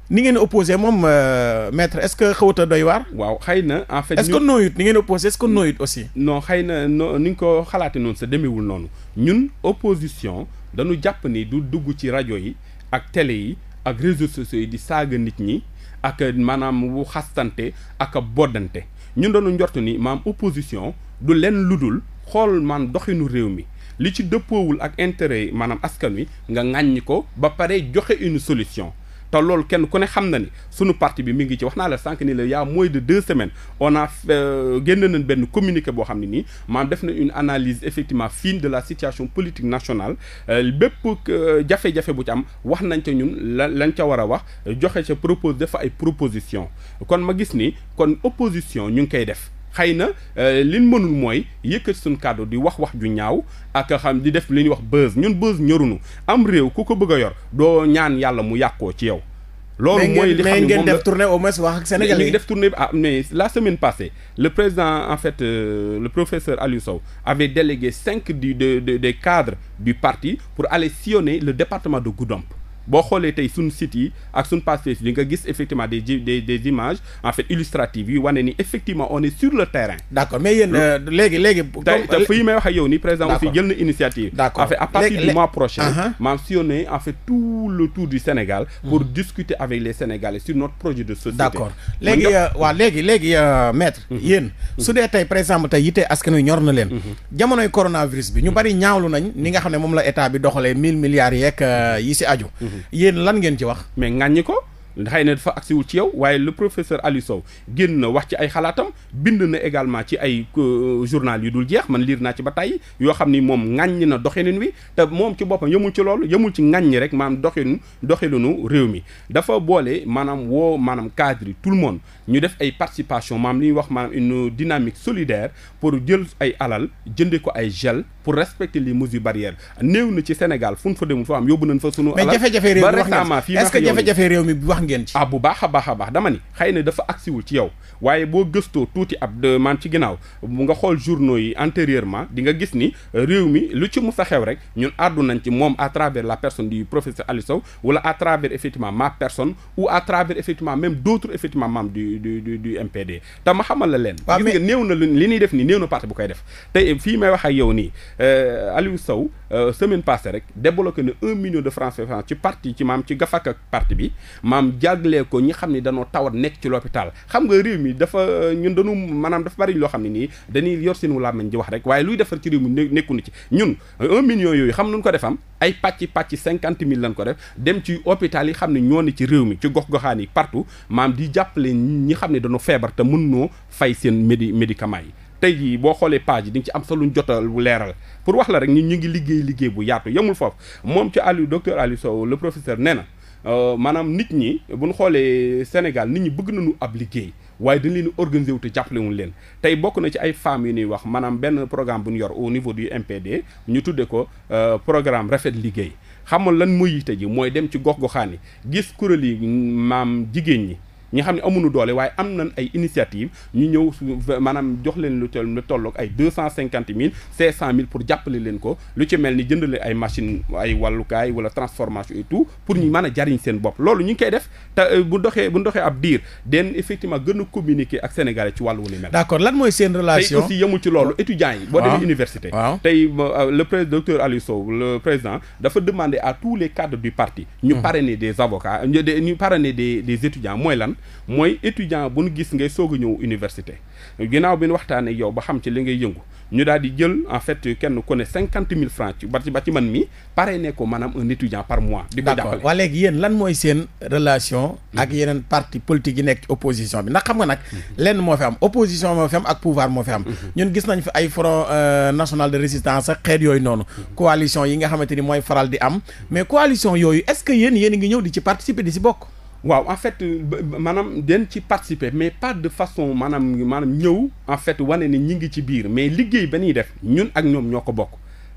ni ngeen opposé moom euh, metre est-ce que xawata doy waar. waaw xëy na en fait. est-ce nooyut ni ngeen opposé est-ce nooyut aussi. non xay na no ni ñu ko xalaatee noonu sa demewul noonu ñun opposition dañu jàpp ni du dugg ci rajo yi ak télé yi ak réseaux sociaux yi di saaga nit ñi ak maanaam wu xastante ak boddante ñun dañu njort ni maam opposition du leen lu dul xool man doxinu réew mi li ci dëppoowul ak intérêt yi maanaam askan wi nga ŋàññi ko ba pare joxe une solution te loolu kenn ku ne xam na ni suñu parti bi mi ngi ci wax naa la sànq ni la yaa moins de deux semaines on a euh, génn nañ benn communiqué boo xam ne nii maanaam def na une analyse effectivement fine de la situation politique nationale euh, bépp euh, jafe-jafe bu ci am wax nañ ca ñun la lañ ca war a wax joxe ca propose dafa ay proposition kon ma gis ni kon opposition ñu ngi koy def xëy na euh, liñ mënul mooy yëkkati suñ kàddu di wax wax ju ñaaw ak xam di def li ñuy wax buzz ñun buzz ñorunu am réew ku ko bëgg a yor doo ñaan yàlla mu yàqoo ci yow. loolu mooy li xam ne ngeen au moins wax ak Sénégalais yi def tournée ah la semaine passée le président en fait euh, le professeur Aliou Sow avait délégué cinq du de, de des cadres du parti pour aller sillonner le département de Goudomp boo xoolee tey suñ site yi ak suñ page Facebook yi nga gis effectivement des des des images en fait illustratives yu wane ni effectivement on est sur le terrain. d'accord mais yéen euh, léegi léegi. te fu yi may waxee ak ni nii président aussi jël na initiative. d'accord en fait à partir du mois prochain. Uh-huh. maam sillonner en fait le tour du Sénégal. pour mm-hmm. discuter avec les Sénégalais sur notre projet de société. d'accord léegi euh, waaw léegi léegi euh, maître. Mm-hmm. yéen mm-hmm. su dee tey par exemple tey yitte askan wi ñor na leen. jamonoy coronavirus bi ñu bari ñaawlu nañ ni nga xam ne moom la état bi doxalee mille milliards yeeg yi si aju. yéen lan ngeen ci wax. mais ŋàññi ko. xëy na dafa agsiwul ci yow waaye le professeur ali Sow génn na wax ci ay xalaatam bind na également ci ay euh, journal yu dul jeex man liir naa ci ba tàyyi yoo xam ni moom ŋàññ na doxalin wi te moom ci boppam yëmul ci loolu yëmul ci ŋàññ rek maanaam doxalin doxalinu réew mi dafa boole maanaam woo maanaam cadre tout le monde ñu def ay participation maam li ñuy wax maanaam une dynamique solidaire pour jël ay alal jënde ko ay gel pour respecter les mesures barrières néew na ci Sénégal fu ñu fa demul fa am mi wax ngeen ci ah bu baax a baax a baax dama ni xëy na dafa agsiwul ci yow waaye boo gëstoo tuuti ab de euh, ci ginnaaw bu nga xool journaux yi antérieurement di nga gis ni euh, réew mi lu ci mus a xew rek ñun àddu nañ ci moom à travers la personne du professeur Aliou Sow wala à travers effectivement ma personne ou à travers effectivement même d'autres effectivement membres du du du du MPD te ma xamal leen gis na li ñuy def nii néew na parti bu koy def tey fii may wax ak yow nii euh, Aliou Sow semaine passée rek débloqué na un million de francs CFA ci parti ci jàglee ko ñi xam ni danoo tawat nekk ci l'hôpital xam nga réew mi dafa ñun dañu maanaam dafa bari loo xam ne nii dañuy yor seen seenu làmmiñ di wax rek waaye luy defar ci réew mi nekkunu ci ñun un million yooyu xam nuñ ko defam ay pàcc pàcc cinquante mille lañ ko def dem ci hôpital yi xam ne ñoo ne ci réew mi ci gox-goxaan yi partout maam di jàppale ñi xam ne dañoo feebar te mën noo fay seen médi médicaments yi tey jii boo xoolee page yi di nga ci am sa luñ jotal bu leeral pour wax la rek ñun ñu ngi liggéey liggéey bu yaatu yemul foofu moom ci Aliou docteur Aliou Sow le professeur nee na Euh, maanaam nit ñi bu ñu xoolee Sénégal nit ñi bëgg nañu ab liggéey waaye dañ leen di organiser wu leen tey bokk na ci ay femmes yu ñuy wax maanaam benn programme bu ñu yor au niveau du MPD ñu tudde ko euh, programme rafet liggéey xamal lan mooy yite ji mooy dem ci gox goxaan yi gis kuréel yi maam jigéen ñi ñi xam ne amuñu doole waaye am nañ ay initiative ñu ñëw maanaam jox leen lu toll lu tolloog ay deux cent cinquante mille cinq cent mille pour jàppale leen ko lu ci mel ni jëndale ay machine ay wàllukaay wala transformation et tout pour ñu mën a jariñ seen bopp loolu ñu ngi koy def te euh, bu doxee bu doxee ab diir den effectivement gën a communiquer ak sénégalais ci wàllu wu ni mel. d'accord lan mooy seen relation tey aussi yemul ci loolu étudiants yi. boo demee université. tey euh, le pré docteur président dafa demander à les cadres du parti. ñu parrainer des avocats ñu parrainer des des étudiants mooy lan. mooy étudiant bu nu gis ngay soog a ñëw université ginnaaw bi ñu waxtaanee yow ba xam ci li ngay yëngu ñu daal di jël en fait kenn ku ne cinquante mille francs ci ba ci ba ci man mi pare ne ko maanaam un étudiant par mois. di ko jàppale waa yéen lan mooy seen relation. Hmm. ak yeneen parti politique yi nekk ci opposition bi ndax xam nga nag. Hmm. lenn moo fi am opposition moo fi am ak pouvoir moo fi am. Hmm. ñun gis nañ fi ay front euh, national de résistance ak xeet yooyu noonu. coalition yi nga xamante ni mooy faral di am mais coalition yooyu est-ce que yéen yéen ngi ñëw di ci participer di ci bokk. waaw en fait maanaam den ci participer mais pas de façon maanaam maanaam ñëw en fait wane ni ñu ngi ci biir mais liggéey ba ñuy def ñun ak ñoom ñoo ko bokk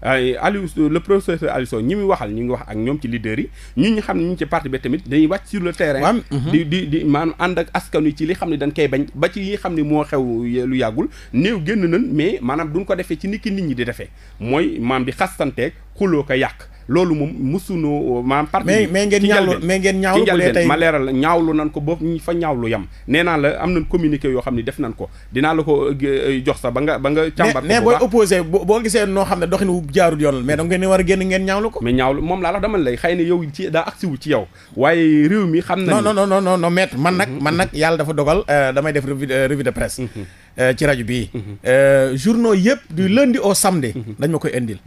ay Aliou le professeur Aliou ñi muy waxal ñu ngi wax ak ñoom ci leader yi ñun ñi xam ne ñu ngi ci parti bi tamit dañuy wàcc sur le terrain di mhm. di di maanaam ànd ak askan wi ci li xam ne dañ koy bañ ba ci yi xam ni moo xew lu yàggul néew génn nañ mais maanaam duñ ko defee ci niki nit ñi di defee mooy maam di xastanteeg xuloo ko yàq loolu moom mësuñu maanaam parti mais mais ngeen ñaawlu mais ngeen ñaawlu bu dee tey ma leeral ñaawlu nan ko ba fa ñaawlu yam nee naa la am nañ communiqué yoo xam ne def nan ko dinaa la ko euh, euh, jox sax ba nga ba nga càmbar mais booy opposé boo gisee noo xam ne doxin wu jaarul yoon la mais da ngeen war a génn ngeen ñaawlu ko mais ñaawlu moom laa la dama lay xay ne yow ci daa agsi wu ci yow waaye réew mi xam na no non non non man nag mhm. man nag yàlla dafa dogal euh, damay def revue de presse mhm. Euh, ci rajo bii. Mhm. Euh, journaux yëpp du mhm. lundi au samedi. Mhm. dañ ma koy indil.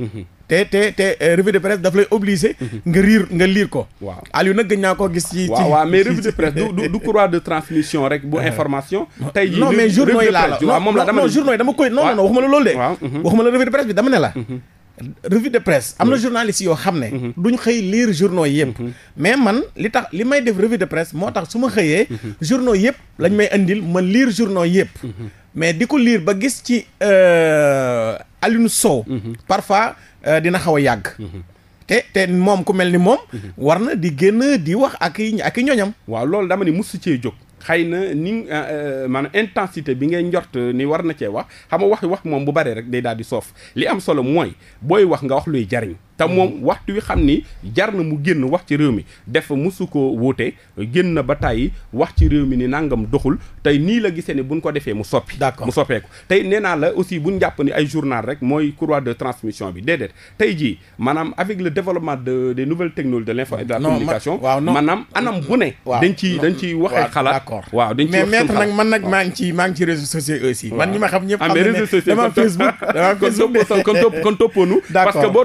te te te euh, revue de presse daf lay obligé. nga riir nga liir ko. waaw Aliou nag gëj naa koo gis. ci ci waaw waaw de presse du du du courroie de transmission rek bu information. tey jii non mais journaux yi laa la waaw moom dama non yi dama koy. non non waxuma la loolu de. waxuma la revue de presse bi dama ne la. revue de presse am na journaliste yoo xam ne mhm. duñ xëy lire journaux yëpp mhm. mais man li tax li may def revue de presse moo tax su ma xëyee mhm. journaux yëpp lañ may indil ma liir journaux yëpp mais di ko liir ba gis ci euh, Alioune Sow parfois euh, dina xaw a yàgg te te moom ku mel ni moom war na di génn di wax ak i ak i ñoñam waaw loolu dama ni musu cee jóg xëy na ni euh, euh, maanaam intensité bi ngay njort ni war na cee wax xam nga wax wax moom bu baree rek day daal di soof li am solo mooy booy wax nga wax luy jariñ te moom waxtu wi xam ni jar na mu génn wax ci réew mi def musu ko wuute génn na ba tàyyi wax ci réew mi ni nangam doxul tey nii la gisee ni buñ ko defee mu soppi mu soppeeku tey nee naa la aussi buñ jàpp ni ay journal rek mooy courroie de transmission bi déedéet tey jii maanaam avec le développement de des nouvelles technologies de l'info et de la communication maanaam anam bu ne dañ ci dañ ciy waxee xalaat waaw dañ ci mais maître nag man nag maa ngi ci maa ngi ci réseaux ma xam ñëpp ah, xam ne kon topp kon toppoonu parce que boo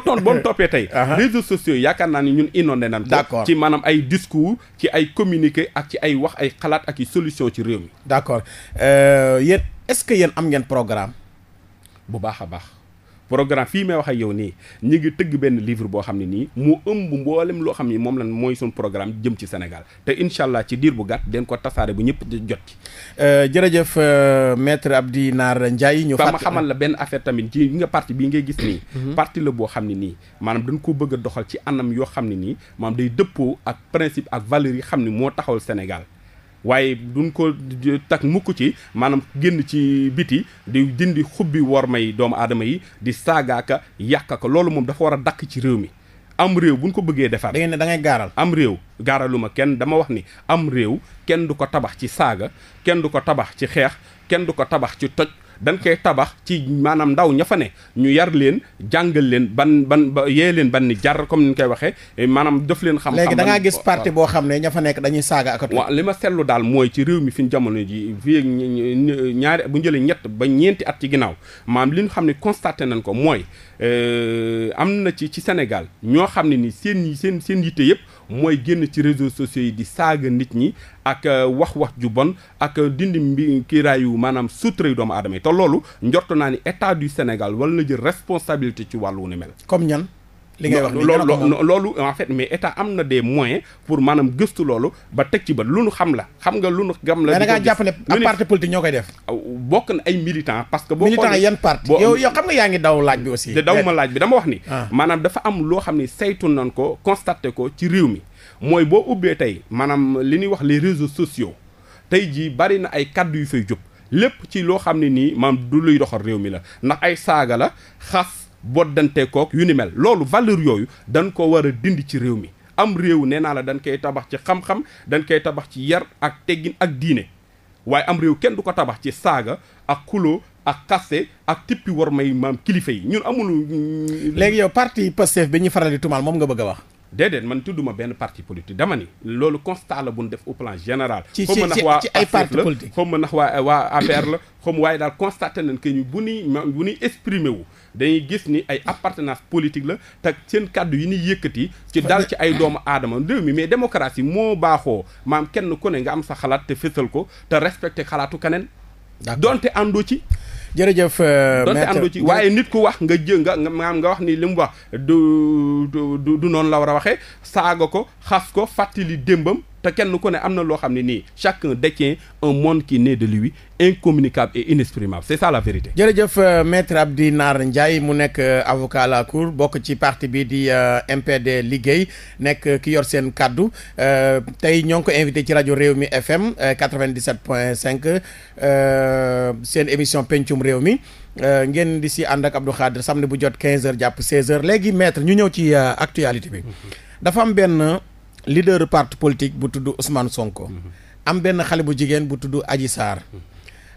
jàppee tey réseaux sociaux yaakaar naa ni ñun inondé nan ko ci maanaam ay discours ci ay communiqué ak ci ay wax ay xalaat ak i solution ci réew mi d' accord euh, yéen est ce que yéen am ngeen programme bu baax a baax programme fii may wax ak yow nii ñu ngi tëgg benn livre boo xam ne nii mu ëmb mboolem loo xam ne moom lan mooy suñu programme jëm ci Sénégal te incha allah ci diir bu gàtt den ko tasaare bu ñëpp jot ci. Euh, jërëjëf euh, maître Abdy Nar Ndiaye. ñu fàttali ma xamal la benn affaire tamit ci nga parti bii ngay gis nii. Mhm. parti la boo xam ne nii maanaam dañ ko bëgg doxal ci anam yoo xam ne nii maanaam day dëppoo ak principe ak valeur yi xam ne moo taxawul Sénégal. waaye duñ ko tak mukk ci maanaam génn ci biti di dindi xubbi wor may doomu aadama yi di saagaaka yàq ko loolu moom dafa war a dakk ci réew mi am réew bu buñ ko bëggee defar da ngeen ne da ngay gaaral am réew gaaralu ma kenn dama wax ni am réew kenn du ko tabax ci saaga kenn du ko tabax ci xeex kenn du ko tabax ci toj dañ koy tabax ci maanaam ndaw ña fa ne ñu yar leen jàngal leen ban ban ba yee leen ban ni jar comme ni ñu koy waxee eh, maanaam def leen xam-xam léegi da gis parti boo xam ne ña fa nekk dañuy saaga ak waaw li ma seetlu daal mooy ci réew mi fi ñu jamono ji fii ñaari bu njëlee ñett ba ñeenti at ci ginnaaw maam li ñu xam ne constaté nañ ko mooy eh, am na ci ci Sénégal ñoo xam ne ni seen seen seen yitte yëpp mooy génn ci réseau sociaux yi di saaga nit ñi ak euh, wax-wax ju bon ak euh, dindi mbi kiiraayu maanaam sutura yu doomu aadama yi te loolu njort naa ni état du Sénégal wala na jël responsabilité ci wàllu ni mel comme ñan li ngay wax loolu loolu en fait mais état am na des moyens pour maanaam gëstu loolu ba teg ci ba lu nu xam la xam nga lu nu xam la mais da ngaa jàpp ne ab parti politique ñoo koy def bokk na ay militant parce que boo militant yan parti yow yow xam yaa ngi daw laaj bi aussi daw ma eh. laaj bi dama wax ni ah. maanaam dafa am loo xam ni saytu nan ko constaté ko ci réew mi mooy boo ubbee tey maanaam li ñuy wax les réseaux sociaux tey jii bari na ay kaddu yu fay jub lépp ci loo xam ne nii maam du luy doxal réew mi la ndax ay saaga la boddante kook yu ni mel loolu valeur yooyu dañ ko war a dindi ci réew mi am réew nee naa la dañ koy tabax ci xam-xam dañ koy tabax ci yar ak teggin ak diine waaye am réew kenn du ko tabax ci saaga ak xuloo ak xaste ak tippi war may maam kilifa yi ñun amul. Mm, léegi yow parti Pastef bi ñu faral di tumaal moom nga bëgg a wax. déedéet man tudduma benn parti politique dama ni loolu constat la bu ñu def au plan général. ci ci ci ay parti politique xaw ma nax waa waa APR la xaw waaye daal constaté nan que ñu bu ñuy bu ñuy exprimer wu dañuy gis ni ay appartenance politique la te seen kàddu yi nuy yëkkati. ci daal ci ay doomu aadama réew mi mais démocratie moo baaxoo maam kenn ku ne nga am sa xalaat te fësal ko te respecté xalaatu keneen. donte àndoo ci. jërëjëf euh, donte àndu ci waaye nit ku wax nga jë nga maanaam nga wax ni li mu wax du du du noonu la war a waxee saaga ko xas ko fàttali démbam te kenn ko ne am na loo xam ne nii chacun détient un monde qui naît de lui incommunicable et inexprimable c'est ça la vérité. jërëjëf euh, maître di naar Ndiaye mu nekk euh, avocat la cour bokk ci parti bi di euh, MPD liggéey nekk ki yor seen kàddu tey ñoo ngi ko invité ci rajo Réew mi FM 97.5 seen émission pencum réew mi. ngeen di si ànd ak Abdou Khadre samedi bu jot 15h jàpp 16h léegi maître ñu ñëw ci actualité bi mhm. dafa am benn leader parti politique bu tudd Ousmane Sonko. Mhm. am benn xale bu jigéen bu tudd Adji Sarr. Mhm.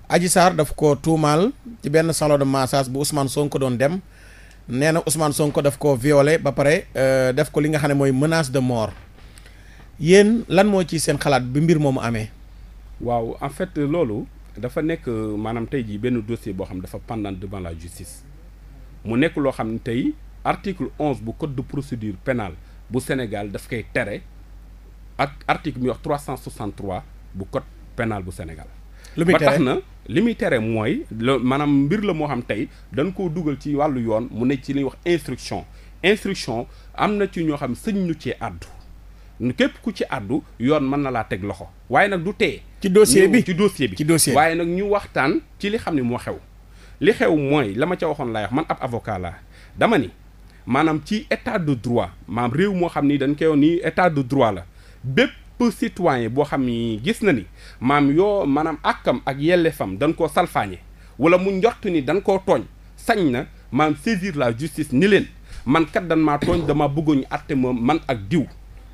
Adji Sarr daf ko tuumaal ci benn salon de massage bu son ko doon dem nee na Ousmane Sonko daf ko violé ba pare euh, def ko li nga xam ne mooy menace de mort yéen lan moo ci seen xalaat bi mbir moo mu amee. waaw en fait loolu dafa nekk maanaam tey jii benn dossier boo xam dafa pendant devant la justice mu nekk loo xam ne tey article onze bu code de procédure pénale bu Sénégal daf koy tere. ak article bi ñuy wax 363 bu code penal bu Sénégal. lu muy tere ba tax na li muy tere mooy la maanaam mbir la moo xam tey dañ koo dugal ci wàllu yoon mu ne ci li wax instruction instruction am na ci ñoo xam sëñ ñu cee àddu képp ku ci àddu yoon mën na laa teg loxo waaye nag du tee. ci dossier bi ci dossier bi ci dossier waaye nag ñu waxtaan ci li xam ne moo xew. li xew mooy la ma ca waxoon laay wax man ab avocat laa dama ni maanaam ci état de droit maanaam réew moo xam ni dañ koy wax ni état de droit la. bépp citoyen boo xam ni gis na ni maam yoo maanaam àkkam ak yellefam dañ koo salfaañe wala mu njort ni dañ ko tooñ sañ na maam saisir la justice ni leen man kat dan maa tooñ dama bëggoon ñu àtte ma man ak diw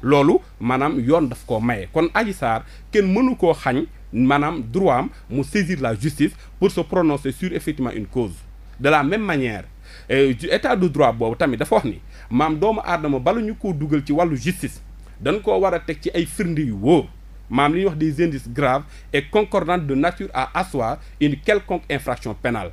loolu maanaam yoon daf koo maye kon Adji Sarr kenn mënu koo xañ maanaam droit am mu saisir la justice pour se prononcer sur effectivement une cause de la même manière euh, état de droit boobu tamit dafa wax ni maam doomu aadama bala ñu koo dugal ci wàllu justice dañ koo war a teg ci ay firnde yu wóor maam li wax des indices graves et concordants de nature à asseoir une quelconque infraction pénale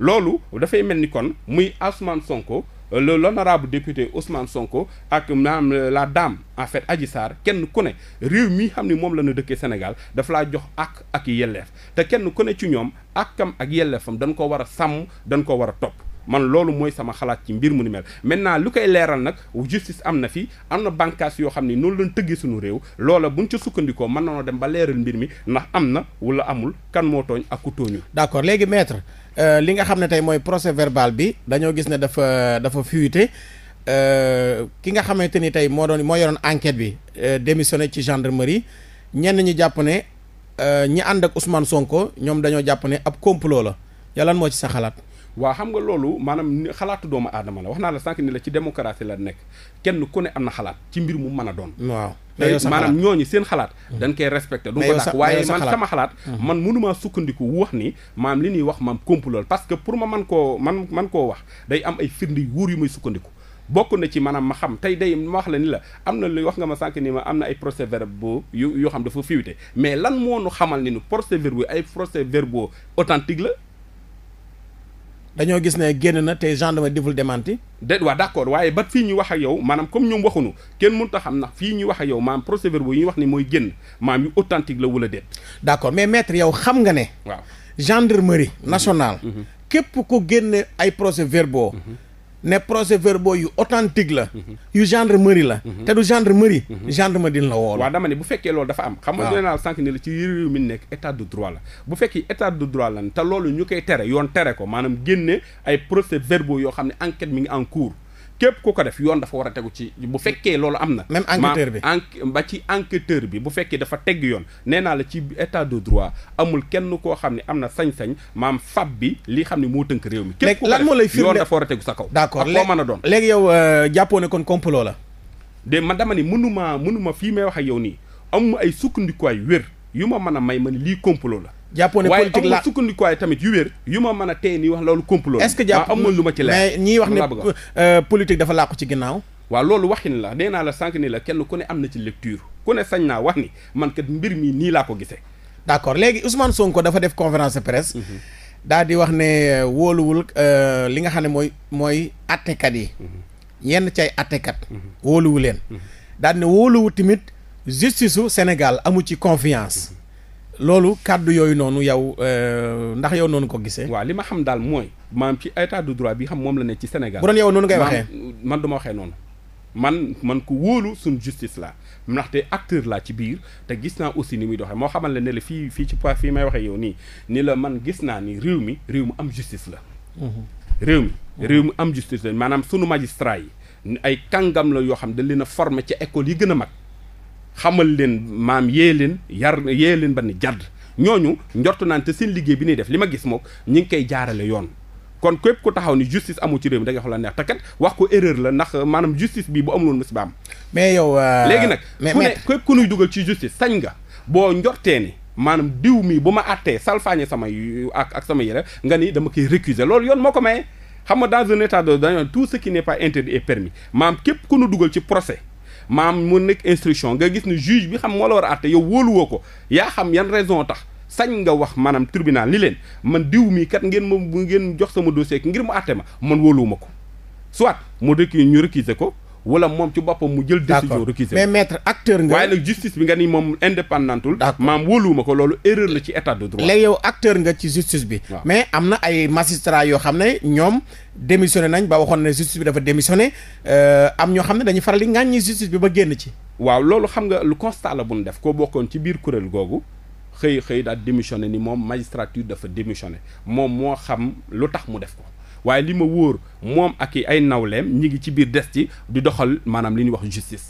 loolu dafay mel ni kon muy Ousmane Sonko euh, le l'honorable député Ousmane Sonko ak maam euh, la daam en fait Adji Sarr kenn ku ne réew mii xam ni moom la ñu dëkkee Sénégal dafa laa jox ak ak yelleef te kenn ku ne ci ñoom akkam ak yelleefam dañ ko war a sàmm dañ ko war a topp man loolu mooy sama xalaat ci mbir mu ni mel maintenant lu koy leeral nag justice am na fi am na bànqaas yoo xam ni noonu lañ tëggee suñu réew loola buñ ca sukkandikoo mën nañoo dem ba leeral mbir mi ndax am na wala amul kan moo tooñ ak ku tooñu d'accord léegi maître euh, li nga xam ne tey mooy procès verbal bi dañoo gis ne dafa dafa fuité euh, ki nga xamante ni tey moo doon moo enquête bi euh, démissionné ci gendarmerie ñenn ñi jàpp ne ñi ànd ak Ousmane Sonko ñoom dañoo jàpp ne ab complot la yàlla moo ci sa xalaat waa xam nga loolu maanaam xalaatu doomu aadama la wax naa la sànq ni la ci démocratie la nekk kenn ku ne am na xalaat ci mbir mu mën a doon waaw maanaam ñooñu seen xalaat mm-hmm. dañ koy respecté du ko dàq waaye man sama xalaat mm-hmm. man mënumaa sukkandiku wax ni maam li ñuy wax maam kompulal parce que pour ma man koo man man koo wax day am ay firnde wuur yu may sukkandiku bokk na ci maanaam ma xam tey day ma wax la ni la am na lu wax nga ma sànq ni ma am na ay procès verbaux yu yoo xam dafa fiwite mais lan moo nu xamal ni nu procès verbaux ay procès verbaux authentique la dañoo gis ne génn na te gendarme deful démenti déet waa d'accord waaye ba fii ñuy wax ak yow maanaam comme ñoom waxuñu kenn mënut a xam ndax fii ñuy wax ak yow maanaam procès verbal yi ñuy wax ni mooy génn maam yu authentique la wala déet d'accord mais maître yow xam nga ne waaw gendarmerie nationale mm-hmm. képp ku génne ay procès verbaux mm-hmm. ne procès verbaux yu authentique la. yu gendarmerie la. Mhm. te du gendarmerie. Mhm. gendarme dina la woo. waa dama ne bu fekkee loolu dafa am. xam nga nee naa sànq ni la ci réew mi nekk état de droit la bu fekkee état de droit la te loolu ñu koy tere yoon tere ko maanaam génne ay procès verbaux yoo xam ne enquête mi ngi en cours. képp ku ko def yoon dafa war a tegu ci bu fekkee loolu am na. même enquêteur bi en ba ci enquêteur bi bu fekkee dafa tegg yoon nee naa la ci état de droit amul kenn koo xam ne am na sañ-sañ maam fab bi li xam ne moo tënk réew mi. képp ku ko def yoon dafa war a tegu sa kaw. d'accord léegi mën a doon léegi yow euh, jàppoo ne kon complot la. de man dama ne mënuma mënuma fii may wax yow nii am ay sukkandikuwaay wér yu ma mën a may ma ne lii complot la. jàppoone ne politique la waaye sukkandikuwaay tamit yu wér yu ma mën a tey nii wax loolu complot est-ce que jàpp amul lu ma ci leer mais ñii wax ne euh, dafa làqu ci ginnaaw waaw loolu waxin la dee naa la sànq ni la kenn ku ne am na ci lecture ku ne sañ naa wax ni man kat mbir mi nii laa ko gisee d'accord léegi Ousmane Sonko dafa def conférence de presse mhm. daal di wax ne euh, wóoluwul euh, li nga xam ne mooy mooy attekat yi mhm. yenn cay attekat mhm. wóoluwu leen daal di wooluwu tamit justice su Sénégal amu ci confiance loolu kàddu yooyu noonu yow euh, ndax yow noonu ko gisee. waa li ma xam daal mooy. maam ci état de droit bi xam moom la ne ci Sénégal. bu doon yow noonu ngay waxee man du waxee noonu. man man ko wóolu suñ justice la ndaxte acteur la ci biir te gis naa aussi ni muy doxee moo xamal ne la fii fii ci point fii may waxee yow nii ni la man gis naa ni réew mi réew mi am justice la. Mhm. réew mi mhm. réew mi am maanaam suñu magistrat yi ay kàngam la yoo xam dañ leen na forme ci école yi gën a mag. xamal leen maam yee leen yar yee leen ba ni jàdd ñooñu njortu naan te seen liggéey bi ñuy def li ma gis moom ñi ngi koy jaarale yoon kon képp ku taxaw ni justice amu ci réew mi da nga xool la neex te kat wax ko erreur la ndax maanaam justice bi bu amul woon musiba am mais yow euh, léegi nag ku ne képp ku nuy dugal ci justice sañ nga boo njortee ni maanaam diw mi bu ma àttee salfaañe sama ak ak sama yére nga ni dama koy récuser loolu yoon moo ko maye xam nga dans un état de dañoo tout ce qui n'est pas interdit permis maam képp ku dugal ci procès maam mu nekk instruction nga gis ne juge bi xam moo la war a àtte yow wóoluwoo ko yaa xam yan raison tax sañ nga wax maanaam tribunal ni leen man diw mii kat ngeen ma ngeen jox sama dossier ngir mu àtte ma man wóoluwuma ko soit mu rek ñu récuser ko wala moom ci boppam mu jël décision récusée mais maître acteur nga waaye nag justice bi nga ni moom indépendantul maam wóoluwuma ko loolu erreur la ci état de droit léegi yow acteur nga ci justice bi mais am na ay magistrats yoo xam ne ñoom démissionné nañ ba waxoon ne justice bi dafa démissionné euh, am ñoo xam ne dañuy faral di ŋàññi justice bi ba génn ci waaw loolu xam nga lu constat la bu ñu def koo bokkoon ci biir kuréel googu xëy xëy daal démissionné ni moom magistrature dafa démissionné moom moo xam lu tax mu def ko waaye li ma wóor moom ak i ay nawleem ñi ngi ci biir des ci di doxal maanaam li ñuy wax justice.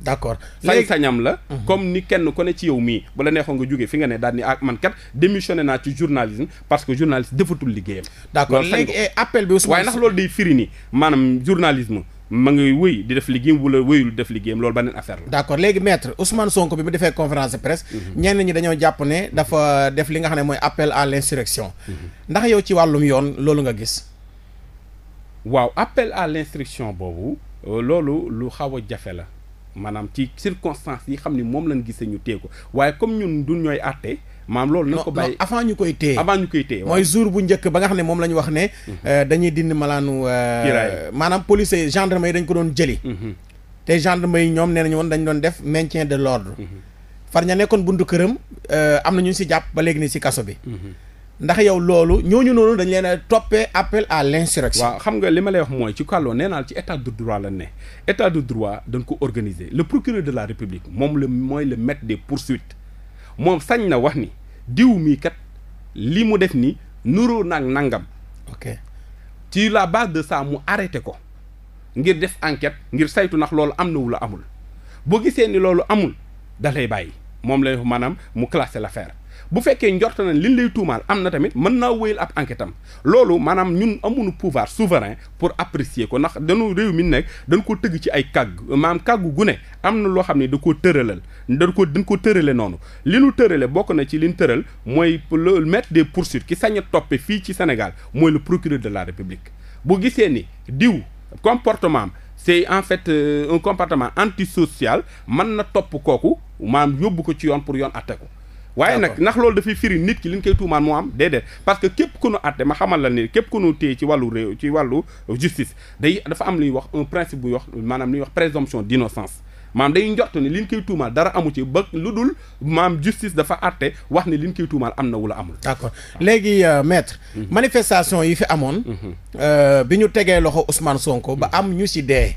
d'accord sañ-sañam la. Mhm. comme ni kenn ko ne ci yow mii bu la neexoon nga jógee fi nga ne daal ni ak ah, man kat démissionné naa ci journalisme parce que journaliste defatul liggéeyam. d'accord léegi eh, appel bi. waaye loolu day firi maanaam journalisme. ma ngi wëy di def liggéeyam wala wëyul def liggéeyam loolu beneen affaire la. d'accord léegi maître Ousmane Sonko bi mu defee conférence de presse. Mhm. ñi dañoo jàpp ne dafa def li nga xam ne mooy appel à l'insurrection. Mhm. ndax yow ci wàllum yoon loolu nga gis. waaw appel à l'instruction boobu euh, loolu lu xaw a jafe la maanaam ci circonstances yi xam ni moom lañ gisee ñu téye ko waaye comme ñun du ñooy àtte maam loolu na ko bàyyi avant ñu koy téye avant ñu mooy jour bu njëkk ba nga xam ne moom la ñu wax ne mhm. euh, dañuy dindi malaanu euh, maanaam policier gendarme yi dañ ko doon jëli mhm. te gendarme yi ñoom nee nañu woon dañu doon def maintien de l'ordre mhm. far ña nekkoon buntu këram am na ñu si jàpp ba léegi ni si kaso bi ndax yow loolu ñooñu noonu dañ leen a toppee appel à l'insurrection waaw xam nga li ma lay wax mooy ci kàlloo nee naa ci état de droit la ne état de droit dañ ko organiser le procureur de la république moom la mooy le maître des poursuites moom sañ na wax ni diw mii kat li mu def ni nuroo nag nangam ok ci la base de ça mu arrêté ko ngir def enquête ngir saytu ndax loolu am na wula amul boo gisee ni loolu amul da lay bàyyi moom lay maanaam mu classé l'affaire bu fekkee njort na liñ lay tuumaal am na tamit mën naa wéyal ab enquête am loolu maanaam ñun amuñu pouvoir souverain pour apprécier ko ndax dañu réew mi nekk dañ ko tëgg ci ay kàgg maam kàggu gune am na loo xam ne da koo tëralal dan ko dañ ko tërale noonu li ñu tërale bokk na ci li ñu tëral mooy le maître des poursuites ki sañ a toppe fii ci Sénégal mooy le procureur de la République bu gisee ni diw comportement am c'est en fait euh, un comportement antisocial mën na topp kooku maam yóbbu ko ci yoon pour yoon atte waaye nag ndax loolu dafay firi nit ki li ñu koy tuumaan moo am déedéet parce que képp ku nu àtte ma xamal la ni képp ku nu ci wàllu réew ci wàllu justice day dafa am lu wax un principe bu wax maanaam lu ñuy wax présomption d'innocence maam day njort ni li ñu koy tuumaal dara amu ci ba lu dul maam justice dafa àtte wax ni li ñu koy tuumaal am na wala amul. d'accord léegi euh, maître. Mhm. manifestation yi fi amoon. Mhm. Euh, bi ñu tegee loxo Ousmane Sonko ba mhm. am ñu si dee.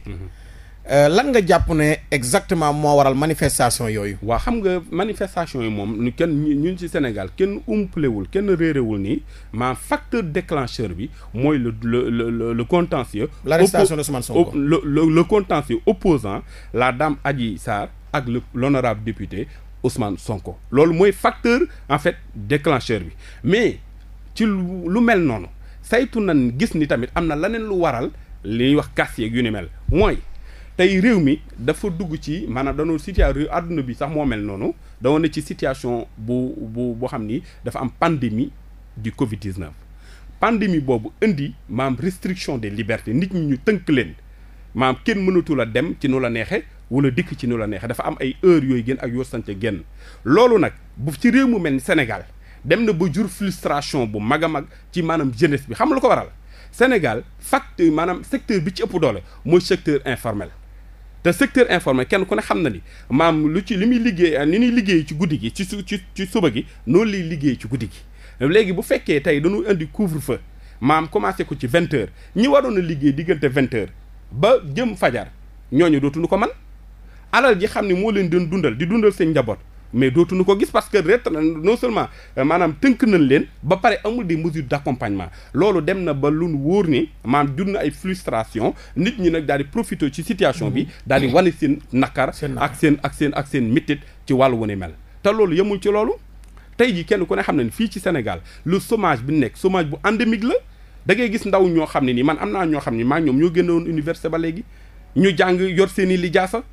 Euh, lan nga jàpp ne exactement moo waral manifestation yooyu. waa xam nga manifestation yi moom ñu kenn ñu ñun ci Sénégal kenn umpalewul kenn réerewul nii maa facteur déclencheur bi mooy le le le le contentieux. l'arrestation de Ousmane Sonko le le contentieux opposant la dame Adji Sarr ak le l'honorable député Ousmane Sonko loolu mooy facteur en fait déclencheur bi mais ci lu mel noonu saytu nan gis ni tamit am na leneen lu waral li ñuy wax casse yeeg yu ni mel mooy. tey réew mi dafa dugg ci maanaam dañoo situation réew àdduna bi sax mel noonu dañoo ne ci situation bu bu boo xam ni dafa am pandémie di Covid 19. pandémie boobu indi maam restriction des libertés nit ñi ñu tënk leen maam kenn mënatul a dem ci nu la neexee wala dikk ci nu la neexee dafa am ay heures yooyu génn ak yoo sante génn loolu nag bu ci réew mu mel ni Sénégal dem na ba jur frustration bu mag a mag ci maanaam jeunesse bi xam lu ko waral Sénégal facteur maanaam secteur bi ci ëpp doole mooy secteur informel. te secteur informel kenn ku ne xam na ni maam lu ci li muy liggéey li ñuy liggéey ci guddi gi ci su ci ci suba gi noonu lay liggéey ci guddi gi léegi bu fekkee tey dañu indi couvre fa maam commencé ko ci vingt heures ñi waroon a liggéey diggante vingt ba jëm fajar ñooñu dootuñu ko man alal ji xam ne moo leen doon dundal di dundal seen njaboot mais dootuñu ko gis parce que ret non seulement euh, maanaam tënk nañ leen ba pare amul des mesures d'accompagnement loolu dem na ba lu nu wóor ni maanaam jur na ay frustration nit ñi nag daal di profité ci situation bi mm-hmm. daal di wane seen nakar ak seen ak seen ak seen métit ci wàllu wu ne mel te loolu yemul ci loolu tey jii kenn ku ne xam ne fii ci Sénégal lu chômage bi nekk chômage bu endémique la dangay gis ndaw ñoo xam ne nii man am naa ñoo xam ne maa ñoom ñoo génnoon université ba léegi ñu jàng yor seen i lijaasa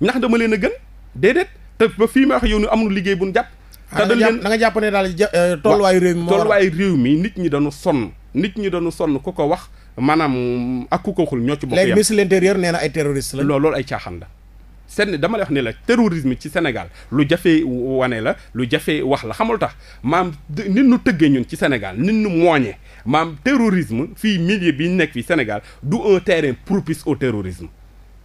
ndax dama leen a gën déedéet te ba fii ma wax yow ni amul liggéey bu ñu jàpp. te dañ leen da nga jàpp ne daal euh, tolluwaayu réew mi moo tolluwaayu réew mi nit ñi dañu sonn nit ñi dañu sonn ku ko wax maanaam ak ku ko waxul ñoo ci bokk. léegi ministre l'intérieur nee na ay terroriste la. loolu loolu ay caaxaan la. seen dama lay wax ne la terrorisme ci Sénégal lu jafe wane la lu jafe wax la xamul tax maam nit ñu tëggee ñun ci Sénégal nit ñu mooñee maam terrorisme fii milieu bi nekk fii Sénégal du un terrain propice au terrorisme.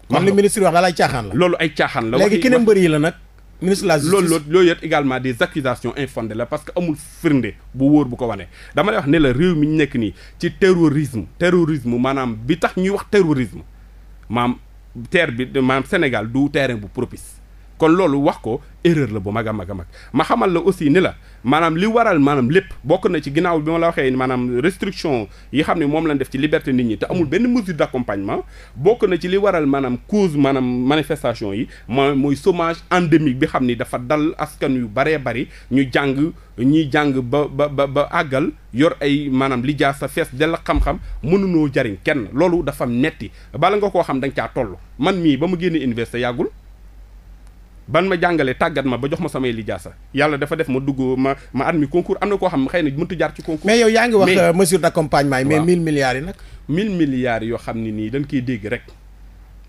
man li ministre wax daal ay caaxaan la. loolu ay caaxaan la léegi keneen mbër yi la nag. ministre de la justice également des accusations infonde la parce que amul firnde bu wóor bu ko wanee dama lay wax ne la réew mi ñu nekk nii ci terrorisme terrorisme maanaam bi tax ñuy wax terrorisme maam terre bi maanaam Sénégal du terrain bu propice kon loolu wax ko erreur la bu mag a mag a mag ma xamal la aussi ni la maanaam li waral maanaam lépp bokk na ci ginnaaw bi ma la waxee maanaam restriction yi xam ne moom lañ def ci liberté nit ñi te amul benn mesure d'accompagnement bokk na ci li waral maanaam cause maanaam manifestation yi mooy somage chômage endémique bi xam ni dafa dal askan yu baree bari ñu jàng ñuy jàng ba ba ba àggal yor ay maanaam li jaar sa fees dell xam-xam mënunoo jariñ kenn loolu dafa netti bala nga koo xam da nga caa toll man mii ba mu génne université yàggul ban ma jàngale tàggat ma ba jox ma samay lijaasa yàlla dafa def ma dugg ma ma admis concours am na koo xam xëy na mëntu jaar ci concours mais yow yaa ngi wax euh, mesure d'accompagnement yi mais mille milliards yi nag mille milliards yoo xam ne nii dañ koy dégg rek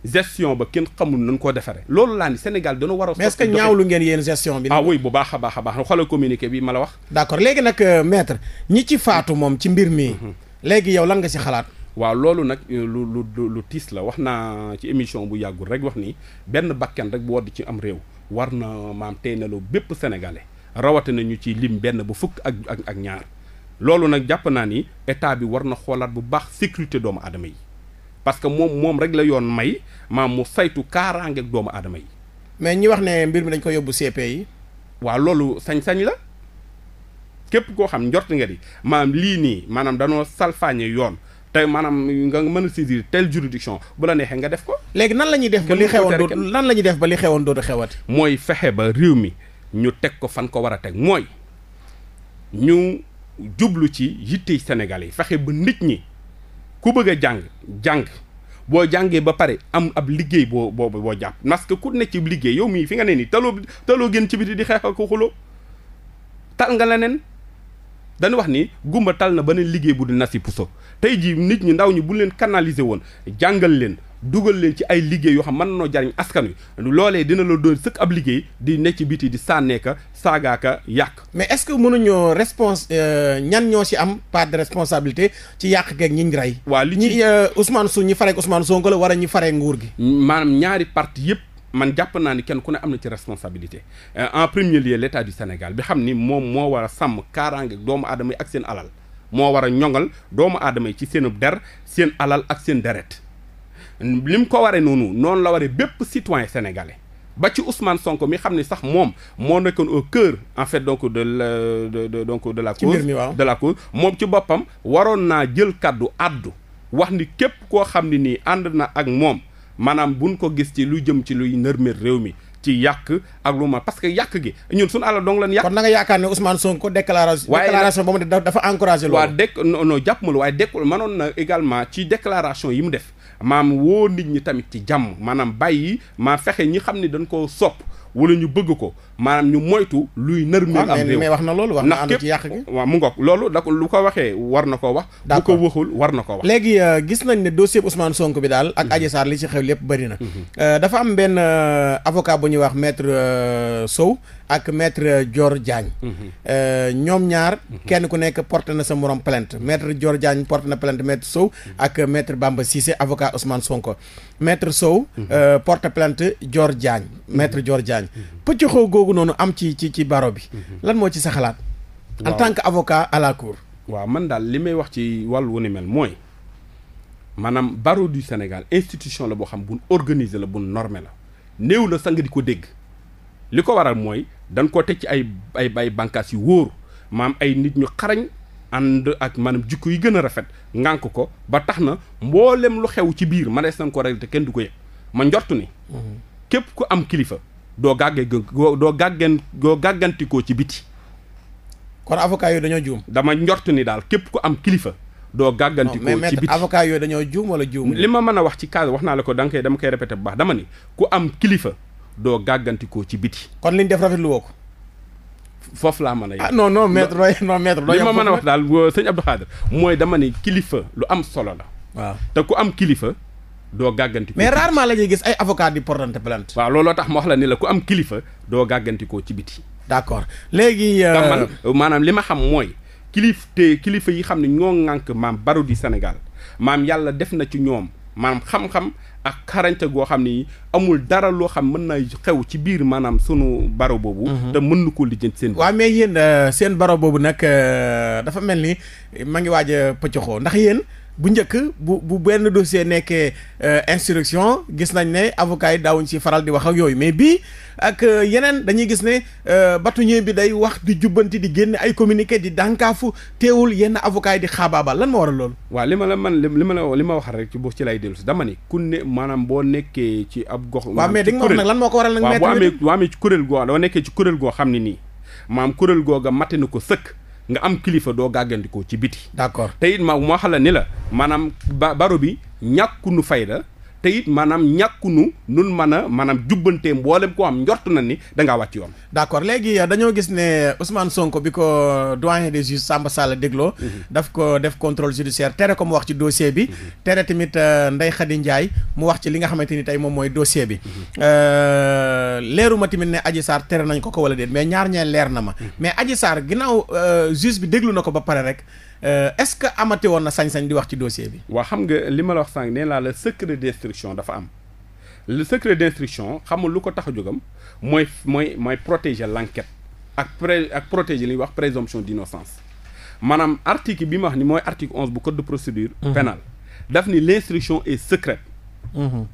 gestion ba kenn xamul nañ koo defaree loolu laa ni Sénégal dana war a mais est-ce ngeen yéen gestion bi ah oui bu baax a baax a baax xoolal communiqué bi ma la wax d'accord léegi nag euh, maître ñi ci faatu moom ci mbir mi mhm. léegi yow lan nga si xalaat waaw loolu nag euh, lu lu lu tiis la wax naa ci émission bu yàggul rek wax ni benn bakkan rek bu ci am réew war na maam tey na bépp sénégalais rawatina ñu ci lim benn bu fukk ak ak ak ñaar loolu nag jàpp naa ni état bi war na xoolaat bu baax sécurité doomu aadama yi parce que moom moom rek la yoon may maam mu saytu kaaraange ak doomu aadama yi. mais ñi wax ne mbir mi dañ ko yóbbu CPI. waaw loolu sañ-sañ la képp koo xam njort nga di maam lii nii maanaam danoo salfaañe yoon. tey maanaam nga mën a saisir telle juridiction bu la neexee nga def ko. léegi nan la ñuy def ba li xewoon dootu nan la ñuy def ba li xewoon dootu xewati. mooy fexe ba réew mi ñu teg ko fan ko war a teg mooy ñu jublu ci yittey Sénégal yi fexe ba nit ñi ku bëgg a jàng jàng boo jàngee ba pare am ab liggéey boo boo boo jàpp parce que ku ne ci liggéey yow mii fi nga ne nii taloo taloo gën ci biti di xeex ak ko xuloo tal nga leneen. dañu wax ni gumba tal na beneen liggéey bu di nas yi puso tey jii nit ñi ndaw ñi bu leen canaliser woon jàngal leen dugal leen ci ay liggéey yoo xam man noo jariñ askan wi loolee dina la doon sëkk ab liggéey di nekk ci biti di sànneeka saagaaka yàq mais est-ce que mënuñoo response euh, ñan ñoo ci am part de responsabilité ci yàq geeg ñi ñu rey waaw li ñi usmaan su ñi fareeg Ousmane Sonko la war a ñi fareeg nguur gi maanaam ñaari parti yëpp man jàpp naa ni kenn ku ne am na ci responsabilité euh, en premier lieu l'état du Sénégal bi xam ni moom moo war a sàmm kaaraange doomu aadama yi ak seen alal moo war a ñoŋal doomu aadama yi ci seenub der seen alal ak seen deret li mu ko waree noonu noonu la waree bépp citoyen sénégalais ba ci Ousmane Sonko mi xam ne sax moom moo nekkoon au cœur en fait donc de la de, de donc de la cause moom ci boppam waroon naa jël kàddu àddu wax ni képp koo xam ne nii ànd na ak moom maanaam buñ ko gis ci lu jëm ci luy nërmer réew mi ci yàq ak lu ma parce que yàq gi ñun suñu alal dong lan yàq. kon na nga yaakaar ne Ousmane Sonko déclaration. waaye déclaration ba mu def dafa encouragé loolu. waaw dëkk non jàpp ma lu waaye dëkk mënoon na également ci déclaration yi mu def maam woo nit ñi tamit ci jàmm maanaam bàyyi maa fexe ñi xam ni dañ koo sopp wala ñu bëgg ko maanaam ñu moytu luy nërmeel am réew mais wax na loolu wax na ànd ci yàq gi waaw mu ngoog loolu da lu ko waxee war na ko wax bu ko waxul war na ko wax léegi euh, gis nañ ne dossier bu Ousmane sonk bi daal ak mhm. Adji Sarr li ci xew lépp bari na mhm. euh, dafa am benn euh, avocat bu ñuy wax maître Sow ak metre joor Diagne mhm. ñoom ñaar kenn ku nekk porte na sa moroom plainte maître Dior Diagne porté na plainte maître Sow ak maître Bamba Cissé avocat usmaan Sonko maître Sow. Mhm. Euh, porte plante Dior Diagne mhm. maître Dior Diagne mhm. pëcc xoo googu noonu am ci ci ci baro bi lan moo ci sa xalaat. en tant que avocat à la cour. waaw man daal li may wax ci wàll wu mel mooy maanaam barreau du Sénégal institution la boo xam bu organisé la bu normé la néew la sang di ko dégg li ko waral mooy dañ koo teg ci ay ay ay bànqaas yu wóor maam ay nit ñu xarañ. ànd ak maanaam jikko yi gën a rafet ngànk ko ba tax na mboolem lu xew ci biir manees nañ ko réglé te kenn du ko yëg ma njortu ni mhm. képp ku am kilifa doo gàggee doo gàggeen doo gàggantikoo ci biti kon avocat yooyu dañoo juum dama njortu ni daal képp ku am kilifa doo gàggantikoo ci biti mais avocat yooyu dañoo juum wala juum li ma mën a wax ci cas wax naa la ko da nga koy dama koy répété bu baax dama ne ku am kilifa doo gàggantikoo ci biti kon liñ def rafetlu woo ko foofu laa mën a. ah non non maître non maître li ma mën wax daal euh, sëñ mooy dama ni kilifa lu am solo la. waaw te ku am kilifa doo gàggantikoo. mais rarement la ñuy gis ay avocat di portante plainte. waaw looloo tax ma wax la ni la ku am kilifa doo gàggantikoo ci biti. d'accord léegi. Euh, man maanaam li ma xam mooy kilif te kilifa yi xam ne ñoo ŋànk maam baru di Sénégal maam yàlla def na ci ñoom maam xam-xam ak xarañte goo xam ni amul dara loo xam mën na xew ci biir maanaam sunu baro boobu. Mhm. te mën na koo lijjanti seen. waaw mais yéen euh, seen baro boobu nag euh, dafa mel ni ma ngi waaja a ndax yéen. bu njëkk bu bu benn dossier nekkee euh, instruction gis nañ ne avocat yi daawuñ ci faral di wax ak yooyu mais bii ak euh, yeneen dañuy gis ne euh, batuñe bi day wax di jubbanti di génn ay communiqué di dànkaafu teewul yenn avocat yi di xaabaabal lan ma waral loolu. waaw li ma la man li ma la li ma wax rek ci boo ci lay dellu si dama ni ku maanaam boo nekkee ci ab gox. waaw mais di nga ma wax nag lan moo ko waral nag. waaw boo amee ci kuréel goo doo nekkee ci kuréel goo xam ne nii maam kuréel googa mate na ko sëkk. nga am kilifa doo gàggandikoo ci biti. d'accord te it ma moo xam ne la maanaam ba baro bi ñàkkunu fayda te it maanaam ñàkkunu nun mën a maanaam jubbantee mboolem ko am njort na ni da ngaa wàcc yoon d'accord léegi dañoo gis ne Ousmane Sonko bi ko doyen des juges Samba Sall dégloo mhm. daf ko def contrôle judiciaire tere ko mu wax ci dossier bi mhm. tere tamit euh, Ndeye Khady Ndiaye mu wax ci li nga xamante ni tey moom mooy dossier bi mhm. euh, leeruma timit ne Adji Sarr tere nañ ko ko wala déet mais ñaar ñee leer na ma mais Adji Sarr ginnaaw euh, juge bi déglu na ko ba pare rek Euh, est-ce que amati woon na sañ-sañ di wax ci dossier bi. waa xam nga li ma la wax sànq nee naa la secret d'instruction dafa am le secret d'instruction xamul lu ko tax a jógam mooy mooy mooy protéger l'enquête ak pré ak protéger li ñuy wax présomption d'innocence maanaam article bi ma wax ni mooy article onze bu code de procédure mhm. pénale daf ni l'instruction est secrète. Mhm.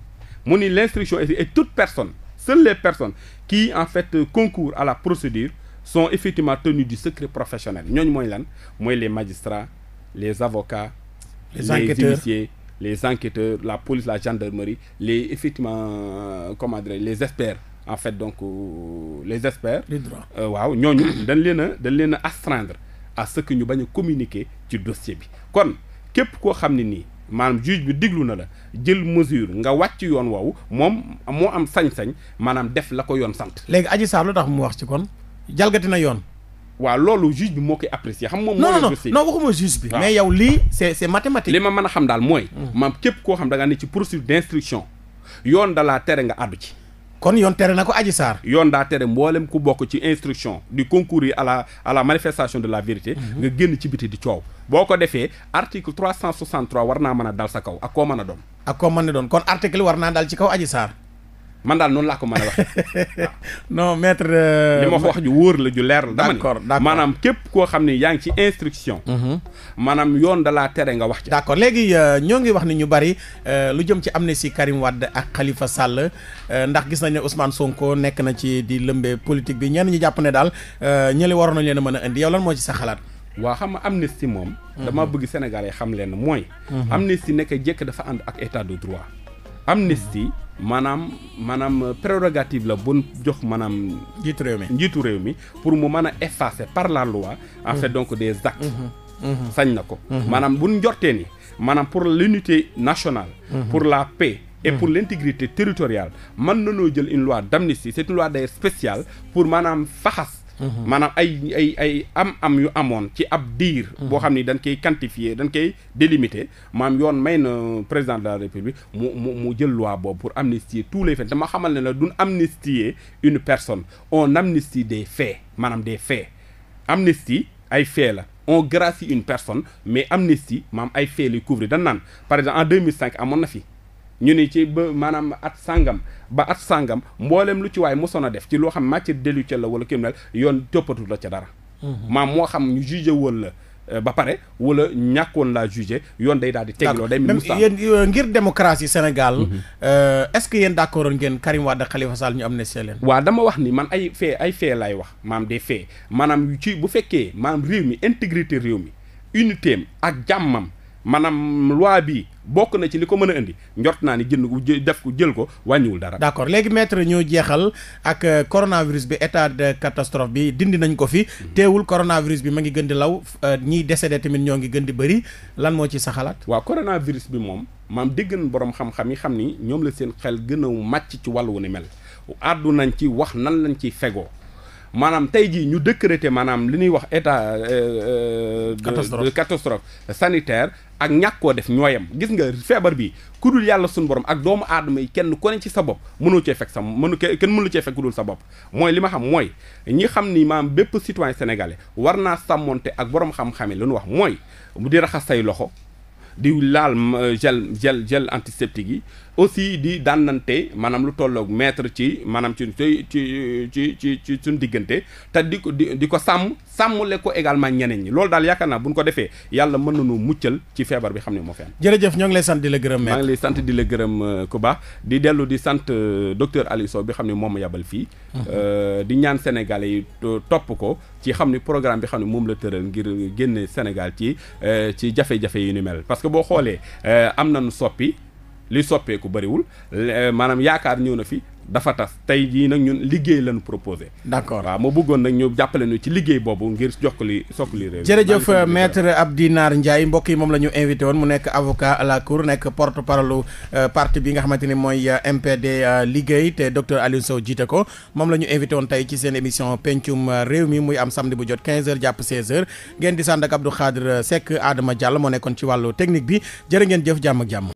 mu ni l'instruction est et toute personne seules les personnes qui en fait concourent à la procédure son effectivement tenus du secret professionnel ñooñ mooy lan mooy les magistrats les avocats les, les huissiers la police la gendarmerie les effectivement euh, comment dirais les experts en fait donc euh, les experts euh, waaw ñooñu dañ leen a dañ leen a astreindre à que ñu bañ communiquer ci dossier bi kon képp koo xam ne nii maanaam juge bi diglu na la jël mesure nga wàcc yoon woowu moom moo am sañ-sañ maanaam def la ko yoon sant léegi Adji Sarr lu tax mu wax ci kon jalgati na yoon. waaw loolu juge bi moo koy apprécier xam moom. moo non non non waxuma juge bi. mais yow lii c'est c'est mathématique. li ma mën a xam daal mooy. Hmm. maam képp koo xam da ngaa ne ci procédure d'instruction yoon da laa tere nga àddu ci. kon yoon tere na ko Adji Sarr. yoon daa tere mboolem ku bokk ci instruction di concourir à la à manifestation de la vérité. Hmm. nga génn ci biti di coow. boo ko defee article 363 war naa mën a dal sa kaw ak koo mën a doon. ak koo mën a doon kon article war naa dal ci kaw Adji man daal noonu laa ko mën a waxee. non maître. Euh, li ma wax ju wóor la ju leer la. dama d'accord d'accord maanaam képp koo xam ni yaa ngi ci instruction. Mhm. maanaam yoon da laa tere nga wax ci. d'accord léegi euh, ñoo ngi wax ni ñu bari euh, lu jëm ci amnistie Karim Wade ak Khalifa Sall ndax gis nañ ne Ousmane Sonko nekk na ci di lëmbee politique bi ñenn ñi jàpp ne daal ñële waroon nañ leen a mën a indi yow lan moo ci sa xalaat. waa xam nga amnistie moom. Mhm. dama bëgg yi xam leen mooy. Mhm. amnistie nekk jekk dafa ànd ak état de droit. amnistie maanaam maanaam euh, prérogative la bun jox maanaam. njiitu réew mi njiitu réew mi pour mu mën a effacer par la loi. en fait mmh. donc des actes. Mmh. Mmh. sañ na ko. maanaam bun ñu ni maanaam pour l'unité nationale. pour la paix. et pour l'intégrité territoriale mën nañoo jël une loi d'amnistie c'est une loi d'ailleurs spéciale pour maanaam faxas. Mm-hmm. maanaam ay ay ay am-am yu amoon ci ab diir. Mm-hmm. boo xam ni dañ koy quantifier dañ koy délimiter maam yoon may na président de la république mu mu mu jël loi boobu pour amnistier tous les faits dama xamal ne la dun amnistier une personne on amnistie des faits maanaam des faits amnistie ay faits la. on gracie une personne mais amnistie maam ay faits lay couvrir dañ naan par exemple en 2005 amoon na fi. ñu ni ci ba maanaam at sàngam ba at sàngam mboolem lu ci waay mosoon a def ci loo xam matière délictuelle la wala criminel yoon toppatu la ca dara mm-hmm. maam moo xam ñu jugé woon la euh, ba pare wala ñàkkoon laa jugé yoon day daal di tegloo day mel ni yéen euh, ngir démocratie Sénégal mm-hmm. euh, est-ce que yéen d'accord ngeen Karim Wade Khalifa Sall ñu am amnistie leen waa dama wax ni man ay fee ay fee laay wax maam des fee maanaam ci bu fekkee maam réew mi intégrité réew mi unité ak jàmmam maanaam loi bi bokk na ci li ko mën a indi njort naa ni jënd def ko jël ko wàññiwul dara. d' accord léegi maître ñu jeexal ak euh, coronavirus bi état de catastrophe bi dindi nañ ko fi. Hmm. teewul coronavirus bi ma ngi gën di law euh, ñiy décédé tamit ñoo ngi gën di bëri lan moo ci sa xalaat. waaw coronavirus bi moom maam dégg na borom xam-xam yi xam ni ñoom la seen xel gën a màcc ci wàllu wu ni mel àddu nañ ci wax nan lañ ciy fegoo. maanaam tey jii ñu décréter maanaam li ñuy wax état. Euh, euh, de catastrophe sanitaire ak ñàkk koo def ñooyam gis nga feebar bi ku dul yàlla suñu borom ak doomu aadama yi kenn ku ne ci sa bopp mënoo cee fekk sa mënu kenn mënu cee fekk sa bopp mooy li ma xam mooy ñi xam ni maam bépp citoyen sénégalais war naa sàmmoonte ak boroom xam-xam yi lu ñu wax mooy di raxas say loxo di laal euh, gel gel gel antiseptique yi aussi di dànnante maanaam lu tolloog mètre ci maanaam ci ci ci ci ci suñ diggante te di ko di di ko sàmm sàmmle ko également ñeneen ñi loolu daal yaakaar naa bu ñu ko defee yàlla mën na nañu muccal ci feebar bi xam ne moo fi jërëjëf ñoo lay sant di la gërëm. maa ngi lay sant di la gërëm euh, Kuba di dellu di sant euh, docteur Aliou bi xam ne moom ma yabal fii. Mhm. Euh, di ñaan Sénégalais yi topp ko ci xam ne programme bi xam ne moom la tëral ngir génne Sénégal ci ci jafe-jafe yi nu mel parce que boo xoolee am na nañu soppi. li soppeeku bëriwul eh, maanaam yaakaar ñëw na fi dafa tas tey jii nag ñun liggéey lañu proposé d'accord waaw ma bëggoon nag ñu jàppale ñu ci liggéey boobu ngir jox ko li sokk li réew jërëjëf maître Abdy Nar mbokk yi moom la ñu invité woon mu nekk avocat à la cour nekk porte parole euh, parti bi nga xamante ni mooy MPD liggéey te docteur Alioune Sow jiite ko moom la ñu invité woon tey ci seen émission euh, réew mi muy am samedi bu jot 15 heures jàpp 16 heures ngeen di sànd ak Abdou Khadre Seck Adama Diallo moo nekkoon ci wàllu technique bi jër ngeen jëf jàmm ak jàmm